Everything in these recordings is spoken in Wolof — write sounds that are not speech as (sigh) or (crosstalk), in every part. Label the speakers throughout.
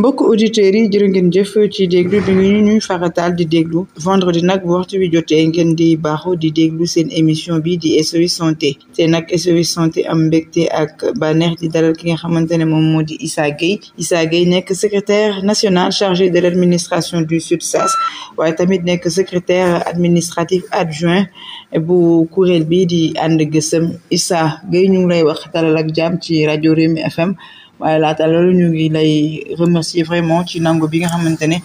Speaker 1: mbokk auditeurs yi jërë ngeen jëf ci déglu bi ñu ñuy farataal di déglu vendredi nag bu waxtu wi jotee ngeen di baaxu di déglu seen émission bi di SOS santé te nag SOS santé am mbégte ak baneex di dalal ki nga xamante ne moom moo di Issa Gueye Issa Gueye nekk secrétaire national chargé de l'administration du SUTSAS waaye tamit nekk secrétaire administratif adjoint bu kuréel bi di ànd gësëm Issa Gueye ñu ngi lay wax dalal ak jaam ci rajo Rewmi FM waaye laata loolu ñu ngi lay remercier vraiment ci nangu bi nga xamante ne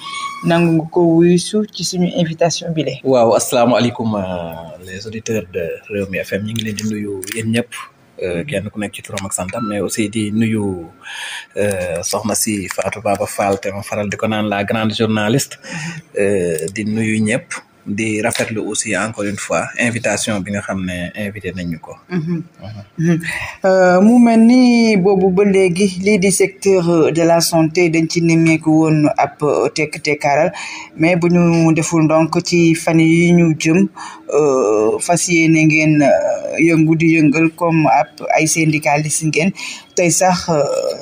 Speaker 1: nangu nga ko wuyusu ci suñu invitation bi le
Speaker 2: waaw asalaamaaleykum euh, les auditeurs de Rewmi FM ñu ngi leen di nuyu yéen ñëpp euh, kenn ku nekk ci turam ak santam mais aussi di nuyu euh, soxna si Fatou Baba Fall te faral di ko naan la grande journaliste di nuyu ñëpp. di rafetlu aussi encore une fois invitation bi nga xam ne invité nañu ko.
Speaker 1: Mhm. Mhm. Mhm. Euh, mu mel ni boobu ba léegi lii di secteur de la santé dañ ci nemmeeku woon ab tekk tekkaaral mais bu ñu deful donc ci fan yi ñu jëm euh, fas yéene ngeen euh, yëngu di yëngal comme ab ay syndicaliste ngeen. tey sax euh,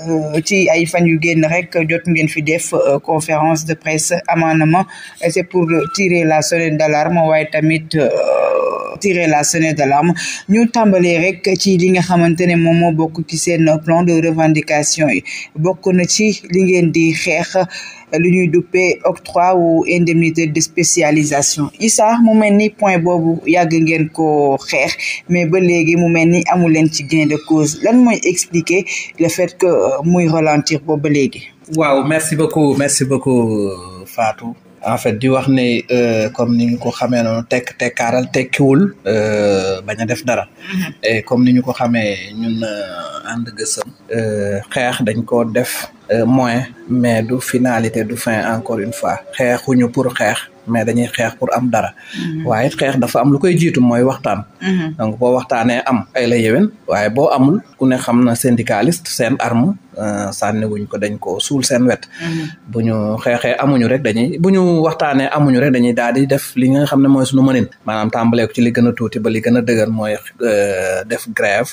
Speaker 1: euh, ci ay fan yu génn rek jot ngeen fi def euh, conférence de presse amendement c'est pour tirer la sonnette d'alarme waaye tamit tirer la sonnette d'alarme ñu tàmbalee rek ci li nga xamante ne moom moo bokk ci seen plan de revendication yi bokk na ci li ngeen di xeex lu ñuy duppee octroi ou indemnité de spécialisation Issa mu mel ni point boobu yàgg ngeen ko xeex mais ba léegi mu mel ni amu leen ci gain de cause lan mooy expliquer
Speaker 2: le fait que euh, muy ralentir boobu ba léegi. waaw merci beaucoup merci beaucoup Fatou. en fait di wax ne euh, comme ni ñu ko xamee noonu tekk tekkaaral tekkiwul euh, bañ a def dara mm-hmm. et comme ni ñu ko xamee ñun euh, ànd gësëm xeex dañ ko def moyen mais du finalité du fin encore une fois xeexuñu pour xeex mais dañuy xeex pour am dara. Mm-hmm. waaye xeex dafa am lu koy jiitu mooy waxtaan. Mm-hmm. donc boo waxtaanee am ay la yéwén waaye boo amul ku ne xam na syndicaliste seen arme euh, sànni wuñ ko dañ ko suul seen wet. Mm-hmm. bu ñu xeexee amuñu rek dañuy bu ñu waxtaanee amuñu rek dañuy daal di def li nga xam ne mooy suñu mënin maanaam tàmbalee ko ci li gën a tuuti ba li gën a dëgër mooy euh, def grève.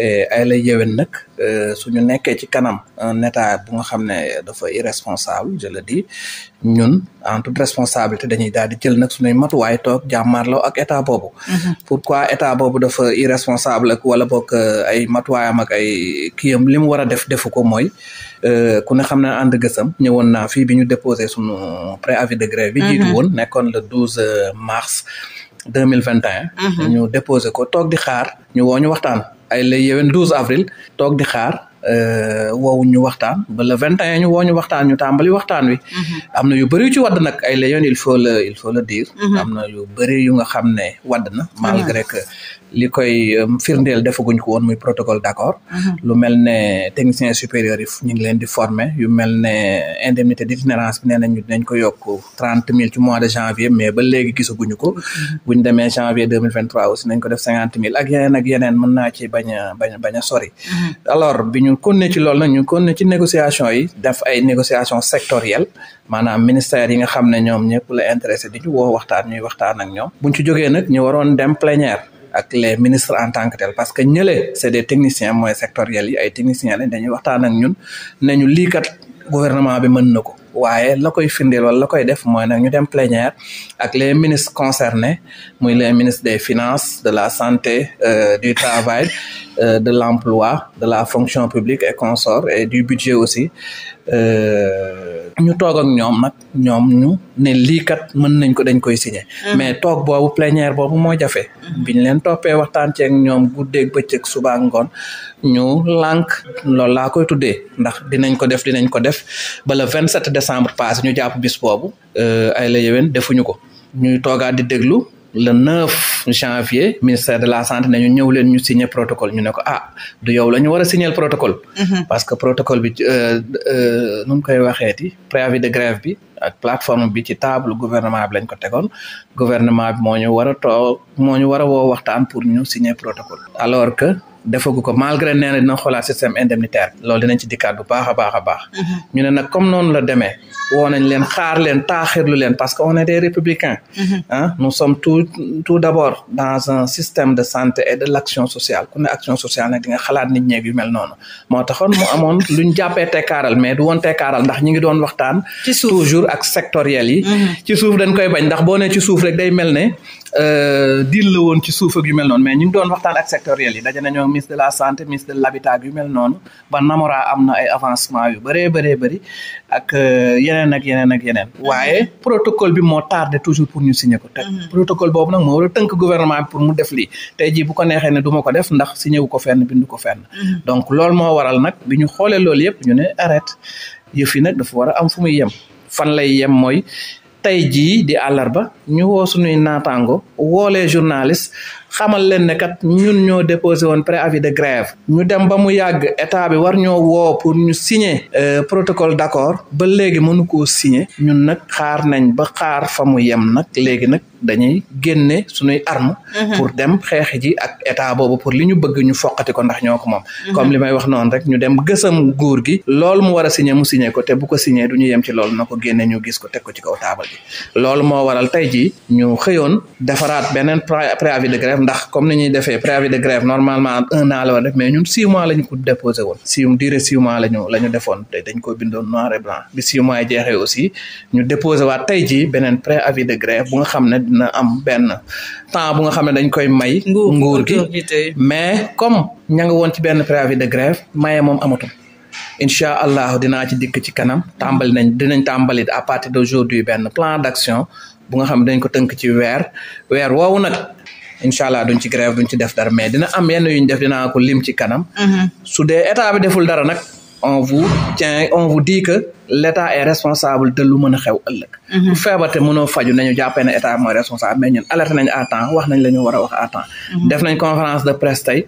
Speaker 2: Eh, ay la yéwén nag eh, suñu nekkee ci kanam un état bu nga xam ne dafa irresponsable je le dis ñun en toute responsabilité dañuy daal di jël nag suñuy matuwaay toog jàmmaarloo ak état boobu mhm. pourquoi état boobu dafa irresponsable ak wala boog eh, ay matuwaayam ak ay kiyam li mu war a def defu ko mooy ku ne xam ne ànd gësam ñëwoon na fi bi ñu déposé suñu préavis de grève bi mhm. jiitu woon nekkoon le 12 mars deux mille vingt mhm. ñu déposé ko toog di xaar ñu woo waxtaan ay lay yéwén 12 avril toog di xaar euh, woowu ñu waxtaan ba le 21 ñu woo ñu waxtaan ñu tàmbali waxtaan wi. Mhm. am na yu bëri ci wadd nag ay la yéwén il faut le il faut le dire. Mhm. am na yu bëri yu nga xam ne wadd na. malgré que li koy um, firndeel defaguñ ko woon muy protocole d'accord mhm. lu mel ne technicien supérieur yi ñu ngi leen di former yu mel ne indemnité d'itinérance bi nee nañu dinañ ko yokk trente mille ci mois de janvier mais ba léegi gisaguñu ko mhm. buñ demee janvier deux mille vingt trois aussi nañ ko def cinquante mille ak yeneen ak yeneen mën naa ci bañ a bañ bañ a sori mhm. alors bi ñu continuer ci loolu nag ñu continuer ci négociation yi def ay négociation sectorielle maanaam ministère yi nga xam ne ñoom ñëpp la intéressé di ñu waxtaan ñuy waxtaan ak ñoom buñ ci jógee nag ñu waroon dem plénière ak les ministres en tant tel parce que ñële c'est des techniciens mooy sectoriels yi ay techniciens lañ dañuy waxtaan ak ñun nañu ñu lii kat gouvernement bi mën na ko waaye la koy firndeel wala la koy def mooy nag ñu dem plénière ak les ministres concernés muy les ministres des finance de la santé euh, du travail euh, de l'emploi de la fonction publique et consort et du budget aussi Euh, ñu toog ak ñoom nag ñoom ñu ne lii kat mën nañ ko dañ koy signé. Mm-hmm. mais toog boobu plénière boobu moo jafe. Mm-hmm. biñ leen toppee waxtaan ceeg ñoom guddeeg bëccëg suba ak ngoon ñu lank loolu laa koy tuddee ndax di nañ ko def dinañ ko def ba le 27 décembre passé ñu jàpp bis boobu. Euh, ay la defuñu ko ñuy toogaat di déglu. le 9 janvier ministère de la santé nañu ñëw leen ñu signer protocole ñu ne ko ah du yow la ñu war a signer protocole. Mhm. parce que protocole bi euh, euh, nu mu koy waxeeti préavis de grève bi ak plateforme bi ci table gouvernement bi lañ ko tegoon gouvernement bi moo ñu a toog. moo ñu war a woo waxtaan pour ñu signer protocole alors que malgré nee dina xoolaat système indemnitaire loolu dinañ ci dikkaat bu baax a baax a baax mhm. ñu ne nag comme la demee woo leen xaar leen taaxirlu leen parce que on est des républicains ah tout d'abord dans un système de santé et de l'action sociale ku ne action sociale nag di nga xalaat nit ñeeg yu mel noonu moo taxoon mu amoon (laughs) luñ jàppee tekkaaral mais du woon ndax ñi doon waxtaan ci suuf mhm. dañ koy Euh, deal la woon ci suuf ak yu mel noonu mais ñu ngi doon waxtaan ak sectoriel yi daje nañoo ministre de la santé ministre de l'habitat yu mel noonu ba namora am na ay avancement yu bëree bëree bari ak euh, yeneen ak yeneen ak yeneen waaye mhm. protocole bi moo tardé toujours pour ñu signer ko te mhm. protocole boobu nag moo war a tënk gouvernement pour mu def lii tey jii bu ko neexee ne du ma ko def ndax signé wu ko fenn bindu ko fenn mhm. donc loolu moo waral nag bi ñu xoolee loolu yëpp ñu ne arrête yëf yi nag dafa war a fu muy yem fan lay yem mooy tey jii di àllarba ñu woo suñuy naataango woole journaliste xamal leen ne kat ñun ñoo déposé woon préavis de grève ñu dem ba mu yàgg état bi war ñoo woo pour ñu signer euh, protocole d'accord ba léegi mënu koo signer ñun nag xaar nañ ba xaar fa mu yem nag léegi nag dañuy su nuy arme mhm. pour dem xeex ji ak état boobu pour li ñu bëgg ñu foqati ko ndax ñoo ko moom mhm. comme li may wax noonu rek ñu dem gësam góor gi loolu mu war a signé mu signé ko te bu ko signé du ñu yem ci loolu na ko génne ñu gis ko teg ko ci kaw taabal bi loolu moo waral tey ji ñu xëyoon defaraat beneen préavis de grève grève ndax comme ni ñuy defee préavis de grève normalement a an la woon mais ñun six mois la ko déposé woon six durée six mois la ñu la ñu defoon te dañ ko bindoon noir et bi six jeexee aussi ñu déposé waat tey jii beneen préavis de grève bu nga xam ne dina am benn temps bu nga xam ne dañ koy may nguur gi mais comme ña nga woon ci benn préavis de grève maye moom amatul incha allah dinaa ci dikk ci kanam tàmbali nañ dinañ tàmbali à partir d'aujourd'hui benn plan d'action nga xam dañ ko tënk ci weer weer woowu incha allah duñ ci grève duñ ci def dara mais dina am yenn yuñ def dinaa ko lim ci kanam. Mhm. u dee état bi deful dara nag on vous tient on vous dit que l' état est responsable de lu mën a xew ëllëg. Mhm. ku feebar te faju nañu jàppee ne état mooy responsable mais ñun alerté nañ à temps wax nañ la ñu a wax à temps. Mhm. def nañ conférence de presse tey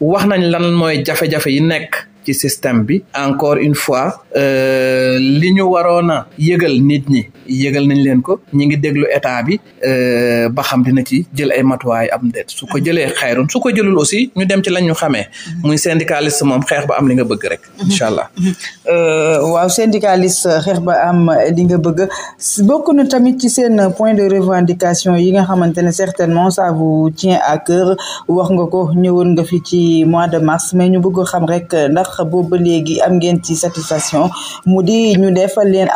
Speaker 2: wax nañ lan mooy jafe-jafe yi nekk. ci système bi encore une fois euh, li ñu waroon a yëgal nit ñi yëgal nañ leen ko ñi ngi déglu état bi euh, ba xam dina ci jël ay matuwaay am déet su ko jëlee xayrun su ko jëlul aussi ñu dem ci lañ ñu xamee muy syndicaliste moom xeex ba am li nga bëgg rek incha allah
Speaker 1: euh, waaw syndicaliste xeex ba am li nga bëgg bokk na tamit ci seen point de revendication yi nga xamante ne certainement ça vous tient à cœur wax nga ko ñëwoon nga fi ci mois de mars mais ñu bëgg xam rek ndax wax ba léegi am ngeen ci satisfaction mu di ñu defal leen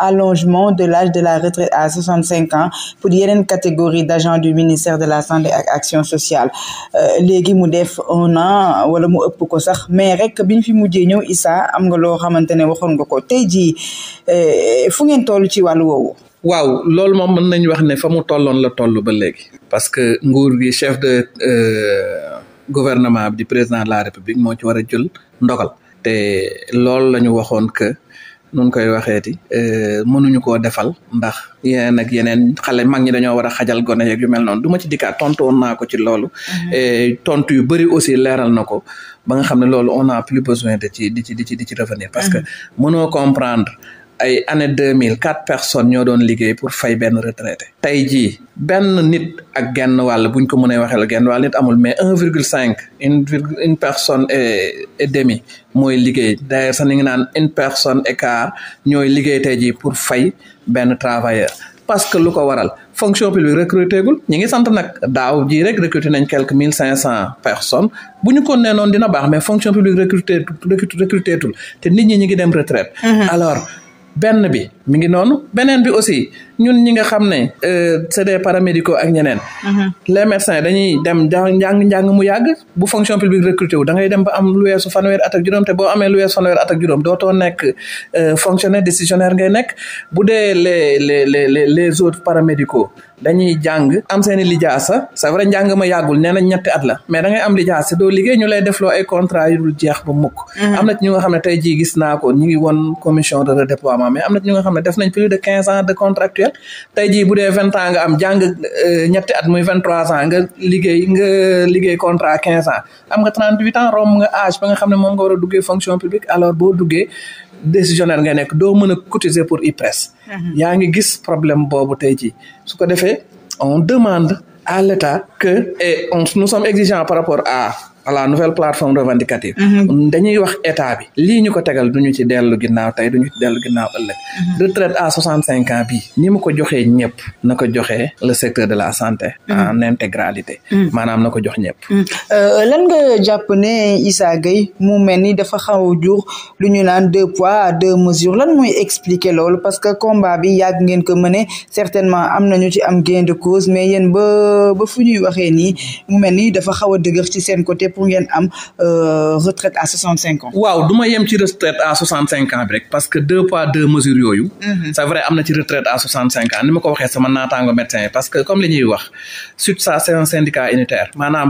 Speaker 1: allongement de l'âge de la retraite à 65 ans pour yeneen catégorie d'agents du ministère de la santé ak action sociale euh, léegi mu def un an wala mu ëpp ko sax mais rek biñ fi mujjee ñëw Issa am nga loo xamante ne waxoon nga ko tey jii euh, fu ngeen toll ci wàllu woowu
Speaker 2: waaw loolu moom mën nañu wax ne fa mu tolloon la toll ba léegi parce que nguur gi chef de euh, gouvernement bi di président de la république moo ci war a jël ndogal te loolu la ñu waxoon que nun koy waxeeti euh, mënuñu koo defal ndax yeneen ak yeneen xale mag ñi dañoo war a xajal gone yeeg yu mel noonu du ma ci dikkaat tontu woon naa ko ci loolu mhm. tontu yu bari aussi leeral na ko ba nga xam ne loolu on a plus besoin de ci di ci di ci di ci revenir parce que mhm. mënoo comprendre ay année deux mille quatre personnes ñoo doon liggéey pour fay benn retraité tey jii benn nit ak genn wàll buñ ko mënee waxee la genn wàll nit amul mais un virgule cinq une virgule une personne et demi mooy liggéey d'ailleurs sax ni ngi naan une personne et quart ñooy liggéey tey jii pour fay benn travailleur parce que lu ko waral fonction publique recruté gul ñi ngi sant nag daaw jii rek recruté nañ quelques mille cinq cent personnes bu ñu ko nee noonu dina baax mais fonction publique recruté tul te nit ñi ñi ngi dem retraite mhm. benn bi mi ngi noonu beneen bi aussi ñun ñi xam ne euh,
Speaker 1: mhm.
Speaker 2: dem njàng njàng mu yàgg bu fonction publique recruté wu da dem ba am lu fanweer at juróom te boo nekk euh, fonctionnaire décisionnaire ngay nekk bu dee les les les les paramédicaux dañuy jàng am seen i lijaasa c'est vrai njàng ma yàggul nee ñetti at la mais da ngay am lijaasa doo liggéey ñu lay defloo ay contrat jeex ba mukk mhm. am na ñu nga xam ne tey jii gis naa ngi woon commission de redéploiement mais am na ñu nga xam ne def nañ plus nga tey jii bu dee vingt ans nga am jàng euh, ñetti at muy vingt trois ans nga liggéey nga liggéey contrat quinze ans am nga trente huit ans romb nga âge ba nga xam ne moom nga war a duggee fonction publique alors boo duggee décisionnaire nga nekk doo mën a cotiser pour IPRES mhm. yaa ngi gis problème boobu tey jii su ko defee on demande à l'État que on nous sommes exigeants par rapport à à la nouvelle plateforme revendicative mhm. dañuy wax état bi lii ñu ko tegal duñu ci dellu ginnaaw tey duñu ci dellu ginnaaw ëllëg mhm. retraite à soixante cinq ans bii ni mu ko joxee ñëpp na ko joxee la santé en mhm. intégralité maanaam na ko jox ñëpp
Speaker 1: euh, lan nga jàpp ne Issa Gueye mu mel ni dafa xaw jur lu ñu naan deux poids deux mesures lan mooy expliquer loolu parce que combat bi yàgg ngeen ko mëne certainement am nañu ci am gain de cause mais yéen ba ba fu ñuy waxee nii mu mel dafa xaw a dëgër ci seen côté pour ngeen am euh, retraite a soixante cinq ans. waaw du
Speaker 2: ma yem ci retraite a soixante cinq ans bi rek parce que deux poids deux mesures yooyu. Mhm. c'est vrai am ci retraite à soixante cinq ans ni ma ko waxee sama naataango médecin parce que comme li wax SUTSA c'est un syndicat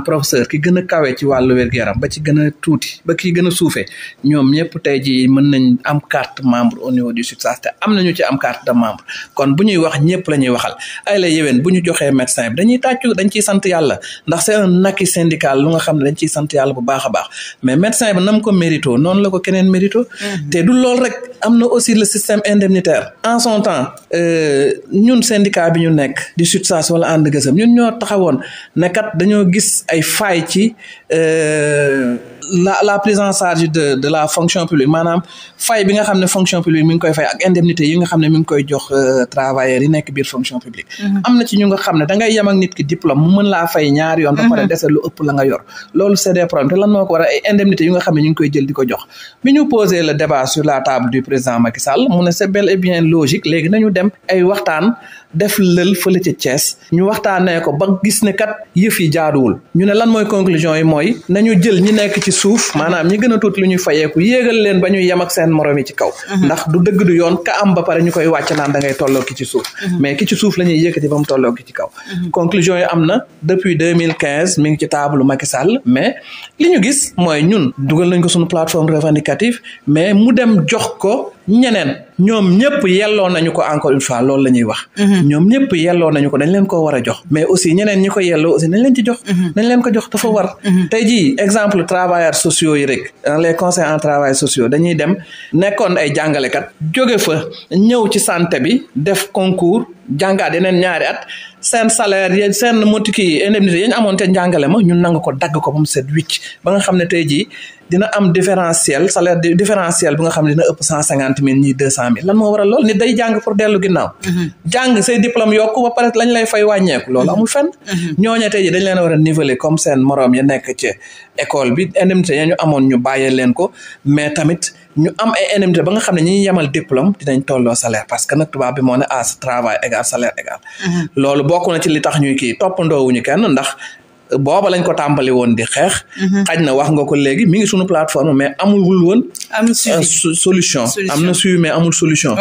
Speaker 2: professeur ki gën a ci wàllu wér yaram ba ci gën a tuuti ba ki gën a suufee ñoom ñëpp tey jii mën nañ am carte membre au niveau du SUTSA am nañu ci am carte de membre kon bu sant yàlla bu baax a baax mais médecin bi nam ko mérito noonu la ko keneen mérito mhm. te du loolu rek am na aussi le système indemnitaire en son temps euh, ñun syndicat bi ñu nekk di SUTSAS wala ànd gësëm ñun ñoo taxawoon ne dañoo gis ay faay ci euh, la la prise en charge de de la fonction publique maanaam fay bi nga xam ne fonction publique mi ngi koy fay nga xam ne mi ngi koy jox euh, travailleurs yi nekk biir fonction publique. Mhm. am na ci ñu nga xam ne da ngay yem ak nit ki diplôme mu mën laa fay ñaari yoon. ba pare mhm. dese lu ëpp la nga yor. loolu c'est des problèmes te lan moo ko indemnité yu nga xam ne ñu ngi koy jël di ko jox bi ñu posé le débat sur la table du président Macky Sall mu ne c'est bel et bien logique léegi nañu dem ay waxtaan. def lël fële ca Thiès ñu waxtaanee ko ba gis ne kat yëf yi jaaduwul ñu ne lan mooy conclusion yi mooy nañu jël ñi nekk ci suuf maanaam ñi gën a tuuti lu ñuy fayeeku yéegal leen ba ñuy yem ak seen morom yi ci kaw mhm. ndax du dëgg du yoon ka am ba pare ñu koy wàcc naan da ngay tolloo ki ci suuf mhm. mais ki ci suuf la ñuy yëkkati ba mu tolloo ki ci kaw mhm. conclusion yi am na depuis 2015 mi ngi ci taabalu Macky Sall mais li ñu gis mooy ñun dugal nañ ko suñu plateforme revendicative mais mu dem jox ko ñeneen ñoom ñëpp yelloo nañu ko encore une fois loolu la ñuy wax mhm. ñoom ñëpp yelloo nañu ko dañ leen ko war a jox mais aussi ñeneen ñi ko yelloo aussi nañ leen ci jox mhm. nañ leen ko jox dafa war mhm. tey jii exemple travailleurs sociaux yi rek les conseils en travail sociaux dañuy dem nekkoon ay jàngalekat jóge fa ñëw ci santé bi def concours jàngaat yeneen ñaari at seen salaire seen moti kii indemnité yi ñu amoon te jàngale ma ñun nangu ko dagg ko ba mu set wicc ba nga xam ne tey jii dina am différentiel salaire différentiel bi nga xam ne dina ëpp cent cinquante mille ñii deux cent mille lan moo waral lool nit day jàng pour dellu ginnaaw mhm. jàng ba pare mhm. mhm. leen seen moroom ya nekk amoon ñu bàyyee leen ko mais tamit ñu am ay indemnité ba nga xam ne ñi ñuy yemal diplôme dinañ tolloo salaire parce que nag tubaab bi moo ne à ah, travail salaire égal loolu bokk na ci li tax ñuy kii toppandoo wuñu kenn ndax booba lañ ko tàmbali woon di xeex mhm. xaj na wax nga ko léegi mi ngi suñu plateforme mais amul woon euh, solution am na suivi mais amul solution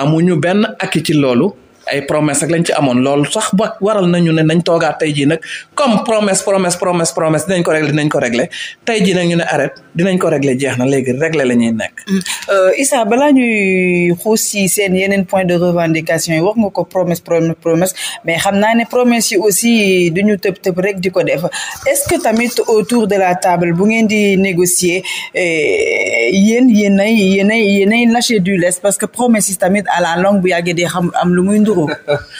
Speaker 2: amuñu benn akki ci loolu ay promesse ak lañ ci amoon loolu sax ba waral nañu ne nañ toogaat tey jii nag comme promesse promesse promesse promesse dinañ ko régler dinañ ko régler tey jii nag ñu ne arrête dinañ ko régler jeex na léegi régler la ñuy nekk. Mm.
Speaker 1: Euh, Issa balaa ñuy xuus si seen yeneen point de revendication yi wax nga ko promesse promesse promesse mais xam naa ne promesse yi aussi duñu tëb tëb rek di ko def est-ce que tamit autour de la table bu ngeen di
Speaker 2: négocier
Speaker 1: eh, yéen yéenay yéenay yéenay lâcher du lest parce que promesse yi tamit à la longue bu yàggee day xam lu muy euros.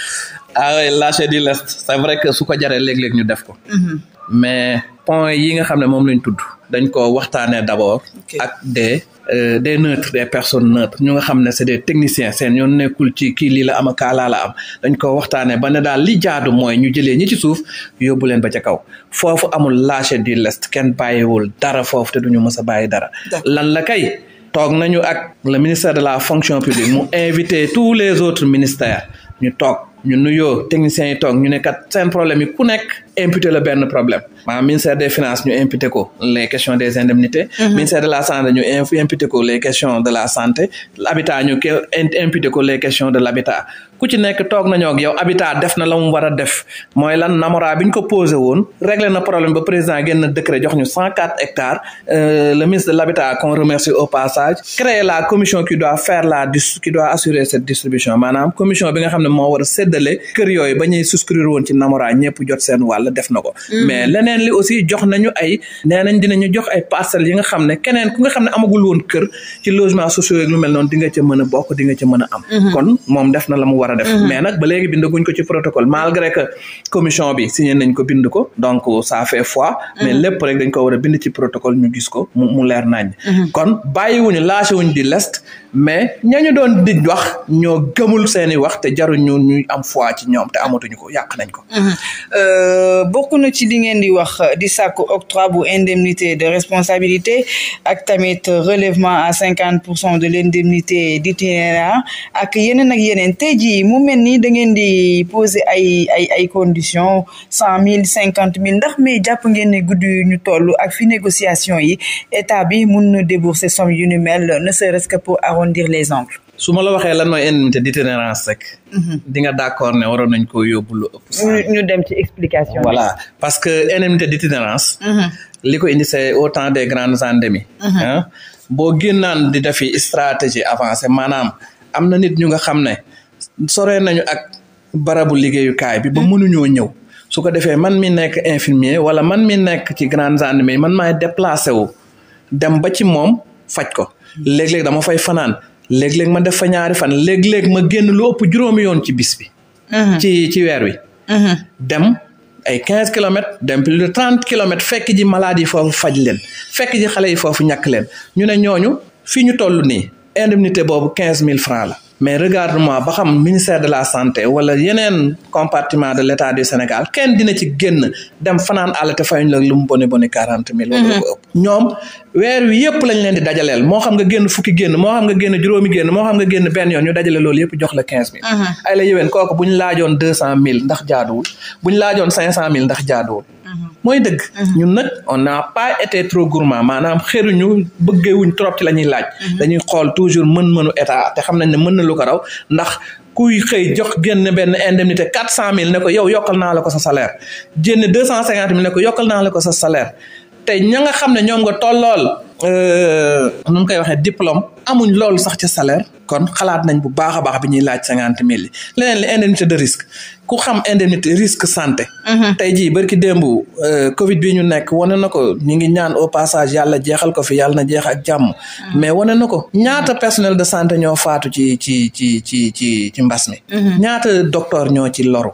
Speaker 2: (laughs) ah oui lâcher du lest c'est vrai que su ko jaree léeg-léeg ñu def ko. Mhm. mais point yi nga xam ne moom lañ tudd. dañ ko waxtaanee d'abord. ak des euh, des neutres des personnes neutres ñu nga xam ne c'est des techniciens seen yoon nekkul ci kii li la am kaa am dañ ko waxtaanee ba ne daal li jaadu mooy ñu jëlee ñi ci suuf yóbbu leen ba ca kaw foofu amul lâcher du lest kenn bàyyiwul dara foofu te duñu mës a bàyyi dara. lan la kay. toog nañu ak le ministère de la fonction publique mu invité tous les autres ministères. ñu toog ñu nuyoo techniciens yi toog ñu ne kat seen problème yi ku nekk imputé la benn problème maanaam ministère des finance ñu imputé ko les questions des indemnités mhm. ministère de la santé ñu imputé ko les questions de la santé l'habitat ñu imputé ko les question de l'habitat ku ci nekk toog a def mooy lan namora bi ñu ko posé woon réglé na problème ba président génn décret ñu cent quatre hectares euh, le ministre de l'habitat qu'on remercie au passage créer la commission qui la dis qui doit assurer maanaam commission bi nga xam ne moo war a séddale kër yooyu ba ñuy souscrire woon ci namora ñëpp jot seen wàll def na ko mm. mais leneen li aussi jox nañu ay nee nañ dinañu jox ay parcelles yi nga xam ne keneen ku nga xam ne amagul woon kër ci logement sociaux yi mel noonu di nga ca mën a bokk dinga nga ca mën am mm-hmm. kon moom def na la mu war a def mhm. mais nag ba léegi bindaguñ ko ci protocole malgré que commission bi signé nañ ko bind ko donc ça fait foi mhm. mais lépp rek dañ ko war a bind ci protocole ñu gis ko mu leer nañ mhm. kon bàyyiwuñu lâché wuñ di lest mais ñañu doon di wax ñoo gëmul seeni wax te jarul ñu ñuy am foi ci ñoom te amatuñu ko yàq nañ ko.
Speaker 1: Mhm. Euh, bokk na ci li ngeen di wax di sàkku octroi bu indemnité de responsabilité ak tamit relevement à cinquante pour cent de l' indemnité d'itinéraire ak yeneen ak yeneen tey jii mu mel ni da ngeen di poser ay ay ay conditions cent mille cinquante mille ndax mais jàpp ngeen ne guddi ñu toll ak fi négociation yi état bi mun na débourser somme yu ni mel ne pour arrondir les
Speaker 2: su ma la waxee lan mooy indemnité d'itinérance rek. di nga d'accord ne waroon nañ koo yóbbu lu ëpp.
Speaker 1: ñu dem ci explication voilà
Speaker 2: parce que indemnité d'itinérance. li ko indi c'est au temps des grandes endémies. boo naan di defi stratégie avancée maanaam am na nit ñu nga xam ne soree nañu ak barabu liggéeyukaay bi ba hmm. mënuñoo ñëw. su ko defee man mi nekk infirmier wala man mi nekk ci grandes endémies man maay déplacé wu dem ba ci moom faj ko. léeg-léeg dama fay fanaan léeg-léeg ma def fa ñaari fan léeg-léeg ma génn lu ëpp juróomi yoon ci bis bi. Mhm. ci ci weer wi. Mhm. dem ay quinze kilomètres dem plus de trente kilomètres fekk ji malade yi foofu faj leen fekk ji xale yi foofu ñàkk leen ñu ne ñooñu fi ñu toll nii indemnité boobu quinze mille francs la. mais regarde-moi ba xam ministère de la santé wala yeneen compartiment de l'État du Sénégal kenn dina ci génn dem fanaan àll te fayuñ la lu mu boni boni quarante mille. wala mhm. ñoom weer wi yëpp lañ leen di dajaleel moo xam nga génn fukki génn moo xam nga génn juróomi génn moo xam nga génn benn yoon ñu dajale loolu yëpp jox la quinze mille. Mhm. ay la yëwén kooku bu laajoon deux cent mille ndax jaaduwul bu ñu laajoon cinq cent mille ndax jaaduwul. mooy dëgg. Mhm. ñun nag on n'a pas été trop gourmand maanaam xëruñu bëggeewuñ trop ci la ñuy laaj. Mhm. dañuy xool toujours mën-mënu état te xam nañ ne mën na lu ko raw ndax. kuy xëy jox génn benn indemnité quatre cent mille ne ko yow yokkal naa la ko sa salaire génn deux cent cinquante mille ne ko yokkal naa la ko sa salaire te ña xam ne ñoom nga tollool euh, nu mu koy waxee diplôme amuñ loolu sax ca salaire kon xalaat nañ bu baax a baax bi ñuy laaj cinquante mille leneen li indemnité de risques ku xam indemnité risque santé. Mhm. tey jii barki démb euh, Covid bi ñu nekk wane na ko ñu ngi ñaan au passage yàlla jeexal ko fi yàlla na jeex a jàmm. Mhm. mais wane na ko ñaata personnel de santé ñoo faatu ci ci ci ci ci ci mbas mi. Mhm. ñaata docteur ñoo ci loru.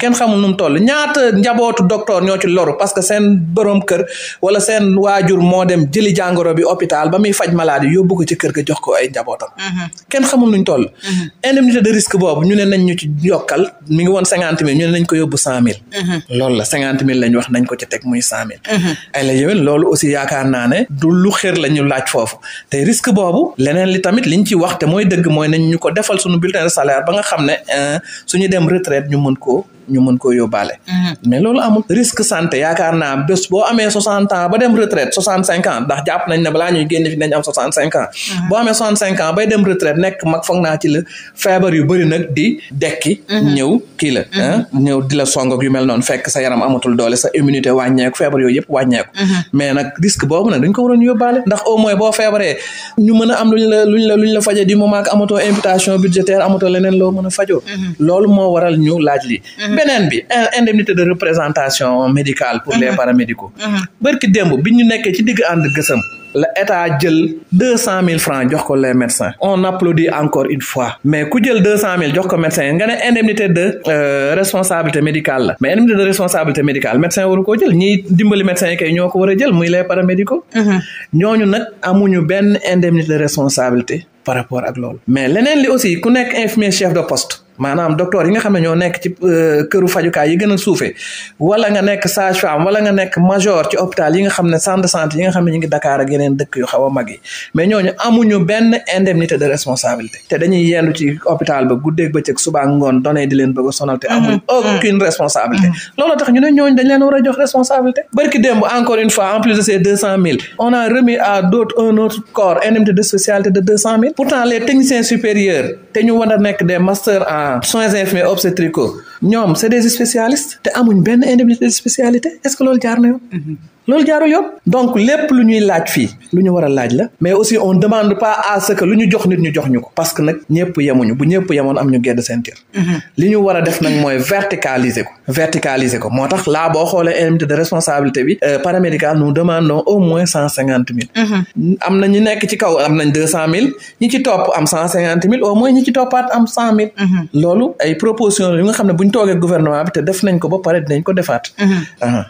Speaker 2: kenn xamul nu mu toll ñaata njabootu docteur ñoo ci loru parce que seen borom kër wala seen waajur moo dem jëli jàngoro bi hôpital ba muy faj maladie yóbbu ko ci kër ga jox ko ay njabootam. kenn xamul nuñ toll. indemnité de risque boobu ñu ne nañ ñu yokkal mi ngi woon cinquante mille ñu nañ ko yóbbu cent mille mhm. loolu la cinquante mille lañ wax nañ ko ci teg muy cent mille mhm. ay la yéwén loolu aussi yaakaar naa ne du lu xër la ñu laaj foofu te risque boobu leneen li tamit li ñu ci wax te mooy dëgg mooy nañ ñu ko defal suñu bulletin de salaire ba nga xam ne euh, suñu dem retraite ñu mën ko ñu mën koo yóbbaale. Mm-hmm. mais loolu amul risque santé yaakaar naa bés boo amee soixante ans ba dem retraite soixante cinq ans ndax jàpp nañ ne balaa ñuy génn fi nañ am mm-hmm. ci la feebar yu bëri mm-hmm. ah, di la. ñëw yu mel noonu fekk sa yaram amatul doole sa immunité wàññeeku feebar yooyu yëpp wàññeeku. mais nag risque boobu nag dañ ko waroon yóbbaale ndax a luñ la luñ la luñ di moment que amatoo imputation budgétaire amatoo leneen loo mën a fajoo. loolu moo waral ñu laaj li beneen bi indemnité de représentation médicale pour les mhm. paramédicaux mhm. bërki démb bi ñu nekkee ci digg ànd gësam la état jël deux cent mille francs jox ko les médecins on applaudit encore une fois mais ku jël deux cent mille jox ko médecins nga ne indemnité de euh, responsabilité médicale la mais indemnité de responsabilité médicale médecin waru koo jël ñiy dimbali médecins yi kay ko war a jël muy les paramédicaux mhm. ñooñu nag amuñu benn indemnité de responsabilité maanaam docteur yi nga xam ne ñoo nekk ci euh, këru fajukaay yi gën a wala nga nekk sage femme wala nga nekk major ci hôpital yi nga xam ne centre de santé yi nga xam ne ñu ngi dakaar ak yeneen dëkk yu xaw a mag yi mais ñooñu amuñu benn indemnité de responsabilité te dañuy yendu ci hôpital ba guddeeg bëccëg suba ngoon donné di leen bëgg a sonal te amuñu mm-hmm. Mm-hmm. aucune responsabilité mm-hmm. loolu tax ñu ne ñooñu dañ leen war a jox responsabilité barki démb encore une fois en plus de ces deux cent mille on a remis à d'autres un de en waa ah. soins infirmiers obstétricaux ñoom c'est des spécialistes te amuñ benn indemnité de spécialité est-ce que loolu jaar na loolu jaarul yoon donc lépp lu ñuy laaj fii lu ñu war a laaj la mais aussi on demande pas à ce que lu ñu jox nit ñu jox ñu ko parce que nag ñëpp yemuñu bu ñëpp yemoon am ñu gedd ceinture mhm. li ñu war def nag mooy verticaliser ko moo tax laa boo xoolee indemnité de responsabilité bi euh, paramédical nous demandons au moins cent cinquante mille mhm. nañ deux cent mille ci topp am cent cinquante mille au moins ñi ci toppaat am cent mille mhm. loolu ay proposition yu ne bu ñu toogee bi te def nañ ko ba pare dinañ ko defaat ah.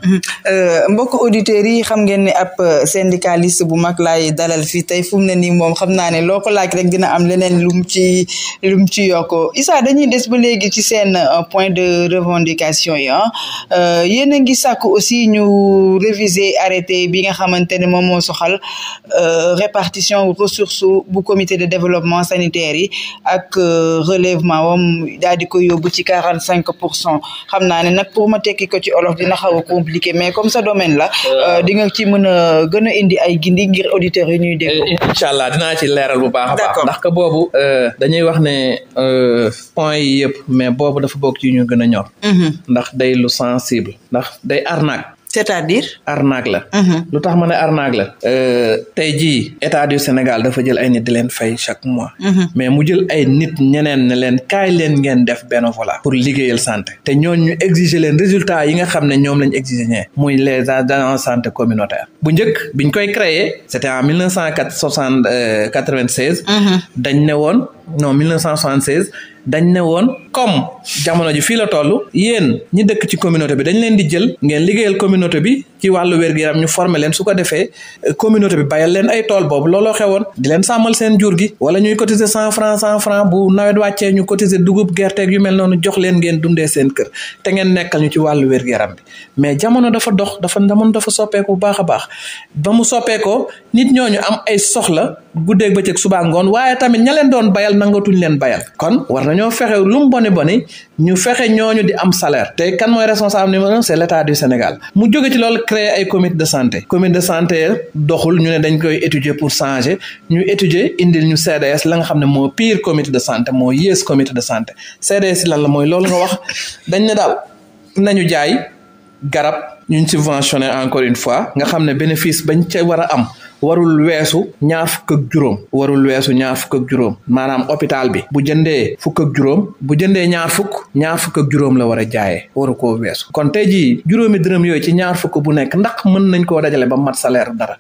Speaker 2: euh, mbokk audit auditeurs yi xam ngeen ne ab euh, syndicaliste bu mag
Speaker 1: laay dalal fii tey fu ne nii moom xam naa ne loo ko laaj rek dina am leneen lum ci lum ci yokk Issa dañuy des ba léegi ci seen euh, point de revendication yi ah yéen a ngi sàkk aussi ñu réviser arrêté bi nga xamante ne moom moo soxal répartition ressources bu comité de développement sanitaire yi ak relèvement wam daal di ko yóbbu ci quarante cinq pour cent xam naa ne nag pour ma tekki ko ci olof dina xaw a compliqué mais comme ça domaine la Euh, euh, di nga ci mën a gën a indi ay gindi ngir
Speaker 2: auditeurs yi ñuy déglu. Euh, incha allah dinaa ci leeral bu baax a baax. ndax que boobu dañuy wax ne point yi yëpp mais boobu dafa bokk ci ñu gën a ñor. Mm-hmm. ndax day lu sensible. ndax day arnaque. c'est-à-dire. la. Mm-hmm. lu tax ma ne arnaque la. Euh, tey jii état du Sénégal dafa jël ay nit leen fay chaque mois. Mm-hmm. mais mu jël ay nit ñeneen leen ka leen ngeen def bénévolat. pour liggéeyal santé. te ñooñu ñu exiger leen résultat yi nga xam ne ñoom lañ exiger ñee. muy les agences santé communautaire. bu njëkk biñ koy créé. c'était en mille neuf cent quatre soixante euh, quatre-vingt-seize. Mm-hmm. dañ ne woon non mille neuf cent dañ ne woon comme jamono ji fii la toll yéen ñi dëkk ci communauté bi dañ leen di jël ngeen liggéeyal communauté bi ci wàllu wér-gu-yaram ñu former leen su ko defee euh, communauté bi bàyyal leen ay tool boobu looloo xewoon di leen sàmmal seen jur gi wala ñuy cotiser cent franc cent franc bu nawet wàccee ñu cotiser dugub gerteeg yu mel noonu jox leen ngeen dundee seen kër te ngeen nekkal ñu ci wàllu wér-gu-yaram bi mais jamono dafa dox dafa jamono dafa soppeek bu baax a baax ba mu soppeekoo nit ñooñu am ay soxla guddeeg bëccëg subaa ngoon waaye tamit ña leen doon bayal nangatuñ leen bayal kon war nañoo fexe lu mu boni boni ñu fexe ñooñu di am salaire te kan mooy responsable numéro un c'est l'état du Sénégal mu jóge ci loolu créer ay comité de santé comité de santé doxul ñu ne dañ koy étudier pour changer ñu étudier indil ñu CDS la nga xam ne moo pire comité de santé moo yées comité de santé CDS lan la mooy loolu nga wax dañ ne daal nañu jaay garab ñu subventionné encore une fois nga xam ne bénéfice bañ ca war a am warul weesu ñaar fukk ak juróom warul weesu ñaar fukk ak juróom maanaam hôpital bi bu jëndee fukk ak juróom bu jëndee ñaar fukk ñaar fukk juróom la war a jaaye waru ko weesu kon tey jii juróomi dërëm yooyu ci ñaar fukk bu nekk ndax mën nañ koo dajale ba mat salaire dara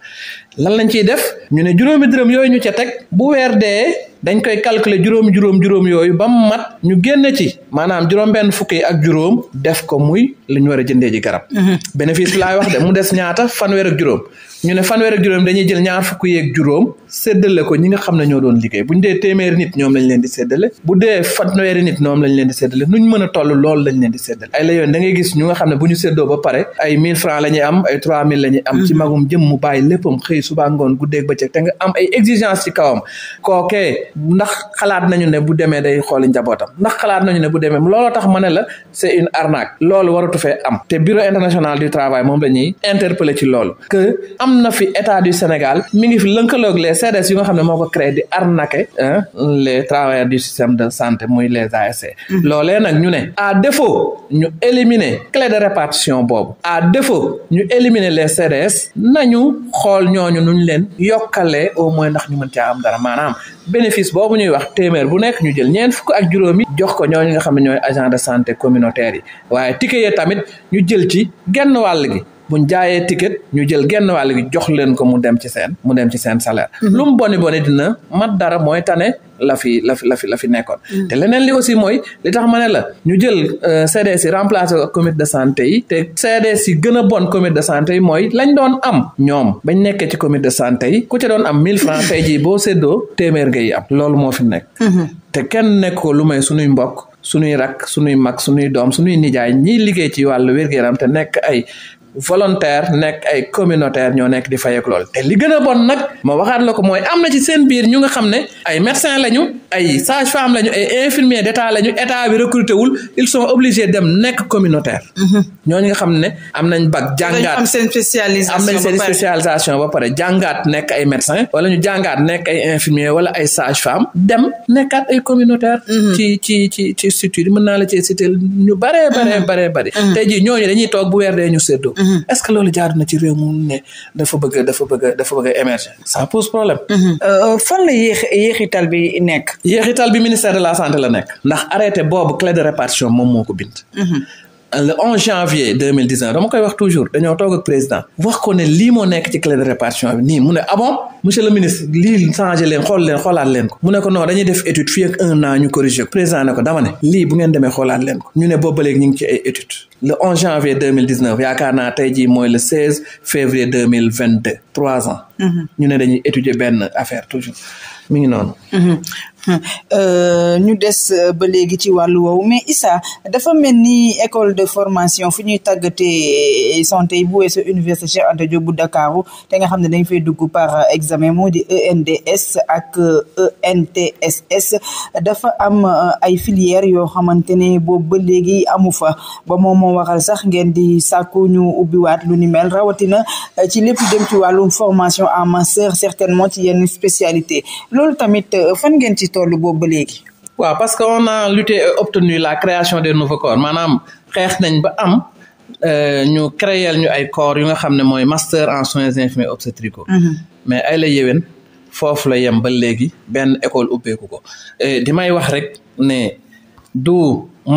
Speaker 2: lan lañ ciy def ñu ne juróomi dërëm yooyu ñu ca teg bu weer dee dañ koy calculer juróom juróom juróom yooyu ba mu mat ñu génn ci maanaam juróom benn fukki ak juróom def ko muy li ñu war a jëndee ji garab mhm. bénéfice laay wax de mu des ñaata fanweer ak juróom ñu ne fanweer ak juróom dañuy jël ñaar fukki yeeg juróom séddale ko ñi nga xam ne ñoo doon liggéey bu ñu dee téeméeri nit ñoom lañ leen di séddale bu dee fanweeri nit ñoom lañ leen di séddale nuñ mën a toll loolu lañ leen di séddale ay yoon da ngay gis ñu nga xam ne bu ñu séddoo ba pare ay mille francs la am ay trois mille la ñuy am mhm. ci magum jëm mu bàyyi léppam xëy subaa ngoon gu guddeeg bëccëg te nga am ay exigence ci kawam kookee ndax xalaat nañu ne bu demee day xooli njabootam ndax xalaat nañu ne bu demee looloo tax ma ne la c'est une arnaque loolu waratu fee am te bureau international du travail moom la ñuy interpeller ci loolu que am na fi état du Sénégal mi ngi fi lënkaloog les CDS yu nga xam ne moo ko créé di arnaquer le travailleurs du système de santé muy les ASC mm-hmm. loolee nag ñu ne à défaut ñu éliminer clé de répartition boobu à défaut ñu éliminer les CDS nañu xool ñooñu nuñ leen yokkalee au moins ndax ñu mën caa am dara maanaam bénéfice boobu ñuy wax téeméer bu nekk ñu jël ñeent fukk ak juróomi jox ko ñooñu nga xam ne ñooy agent de santé communautaire yi waaye ticket ya tamit ñu jël ci genn wàll gi buñ jaayee ticket ñu jël genn wàll gi jox leen ko mu dem ci seen mu dem ci seen salaire. Mhm. lu mu boni dina mat dara mooy ne la fi la fi la la fi nekkoon. Mm. te leneen li aussi mooy li tax ma ne la ñu jël euh, CDS si remplacé ko de santé yi te CDS yi gën a bon comité de santé yi mooy lañ doon am ñoom bañ nekkee ci comité de santé yi ku ci doon am mille francs tey jii boo séddoo téeméer ngay am loolu moo fi nekk. Mm-hmm. te kenn nekk lu may suñuy mbokk suñuy rakk suñuy mag suñuy doom suñuy nijaay ñiy liggéey ci wàllu wér te nekk ay. volontaire nekk ay communautaire ñoo nekk di fayeek lool te li gën a bon nag moo waxaat la ko mooy am na ci seen biir ñu nga xam ne ay médecin lañu ay sage femme lañu ay infirmier d'état lañu état bi recruté wul ils sont dem nekk communautaire. Mhm. ñooñu nga xam ne am nañ bac jàngaat seen spécialisation am nañ seen spécialisation ba pare jàngaat nekk ay médecin wala ñu jàngaat nekk ay infirmier wala ay sage femme dem nekkaat ay communautaire. Mhm. ci ci ci ci surtout mën naa la ci cité ñu bare bare mhm. bare bare. tey jii ñooñu dañuy toog bu weer dee ñu séddoo. Mm-hmm. est ce que loolu jaar na ci réew mu ne dafa bëgg dafa bëgg dafa bëgg a émerger ça pose problème. Mm-hmm. Euh, fan la yéex yéexital bi nekk. yéexital bi ministère de la santé la nekk. ndax arrêté boobu clé de répartition moom moo ko bind. Mm-hmm. le 11 janvier 2019 dama koy wax toujours dañoo toog ak président wax ko ne lii moo nekk ci clé de répartition nii mu ne ah bon monsieur le lii changé leen xool leen xoolaat leen ko mu ne ko non dañuy def étude fii ak un an ñu corrigé ko président ne ko dama ne lii bu ngeen demee xoolaat leen ko ñu ne boobu ñu ngi ci mm-hmm. ñu ne dañuy étudier benn affaire toujours mi ngi noonu.
Speaker 1: Mm-hmm. Euh, ñu des euh, ba léegi ci wàllu woowu mais Issa dafa mel ni école de formation fu ñuy tàggatee euh, santé yi bu weesoo université Cheikh Anta Diop bu Ndakaaru te nga xam ne dañ fay dugg par examen moo di ENDS ak ENTSS e dafa am ay filières yoo xamante ne boobu ba léegi amu fa ba moom moo waxal sax ngeen di sàkku ñu ubbiwaat lu ni mel rawatina ci lépp dem ci wàllum formation en master certainement ci yenn spécialité loolu tamit fan ngeen ci toll boobu ba léegi.
Speaker 2: waaw parce que on a lutté et la création des nouveaux corps maanaam xeex nañ ba am euh, ñu créer ñu ay corps yu nga xam ne mooy master en soins infirmiers obstétricaux. Mhm. mais ay la yéwén foofu la yem ba léegi benn école ubbeeku ko di may wax rek ne. du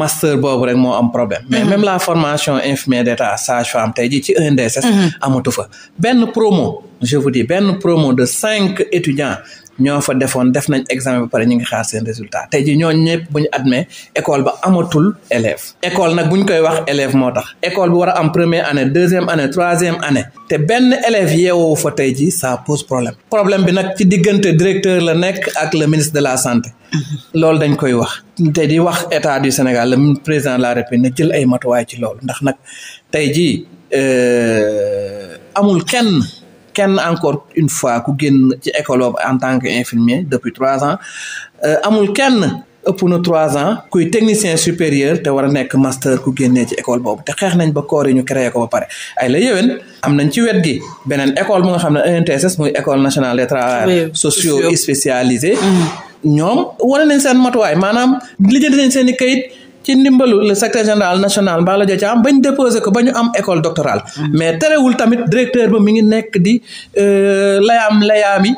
Speaker 2: master boobu rek moo am problème. mais mhm. même la formation infirmière d'état sage-femme tey jii ci ENDSS. Mhm. amatu fa benn promo je vous dis benn promo de cinq étudiants ñoo fa defoon def nañ examen ba pare ñu ngi xaar seen résultat tey jii ñoo ñëpp bu ñu admee école ba amatul élève école nag bu ñu koy wax élève moo tax école bu war a am première année deuxième année troisième année te benn élève yeewoo fa tey jii sa pose problème problème bi nag ci diggante directeur la nekk ak le ministre de la santé mhm. loolu dañ koy wax te di wax état du Sénégal le président la République na jël ay matuwaay ci loolu ndax nag tey jii euh, amul kenn kenn encore une fois ku génn ci école boobu en tant que infirmier depuis trois ans euh, amul kenn ëpp na trois ans kuy technicien supérieur te war a nekk master ku génnee ci école boobu te xeex nañ ba koor yi ñu créé ko ba pare ay la am nañ ci wet gi beneen école bu nga xam ne ENTSS muy école nationale des travailleurs sociaux spécialisés mm-hmm. ñoom wane nañ seen matuwaay maanaam lijjanti nañ seen i kayit ci ndimbalu le secrétaire général national Mballo Dia Thiam bañ déposé ko ba ñu am école doctorale mm. mais terewul tamit directeur ba mi ngi nekk di euh, layaam layaami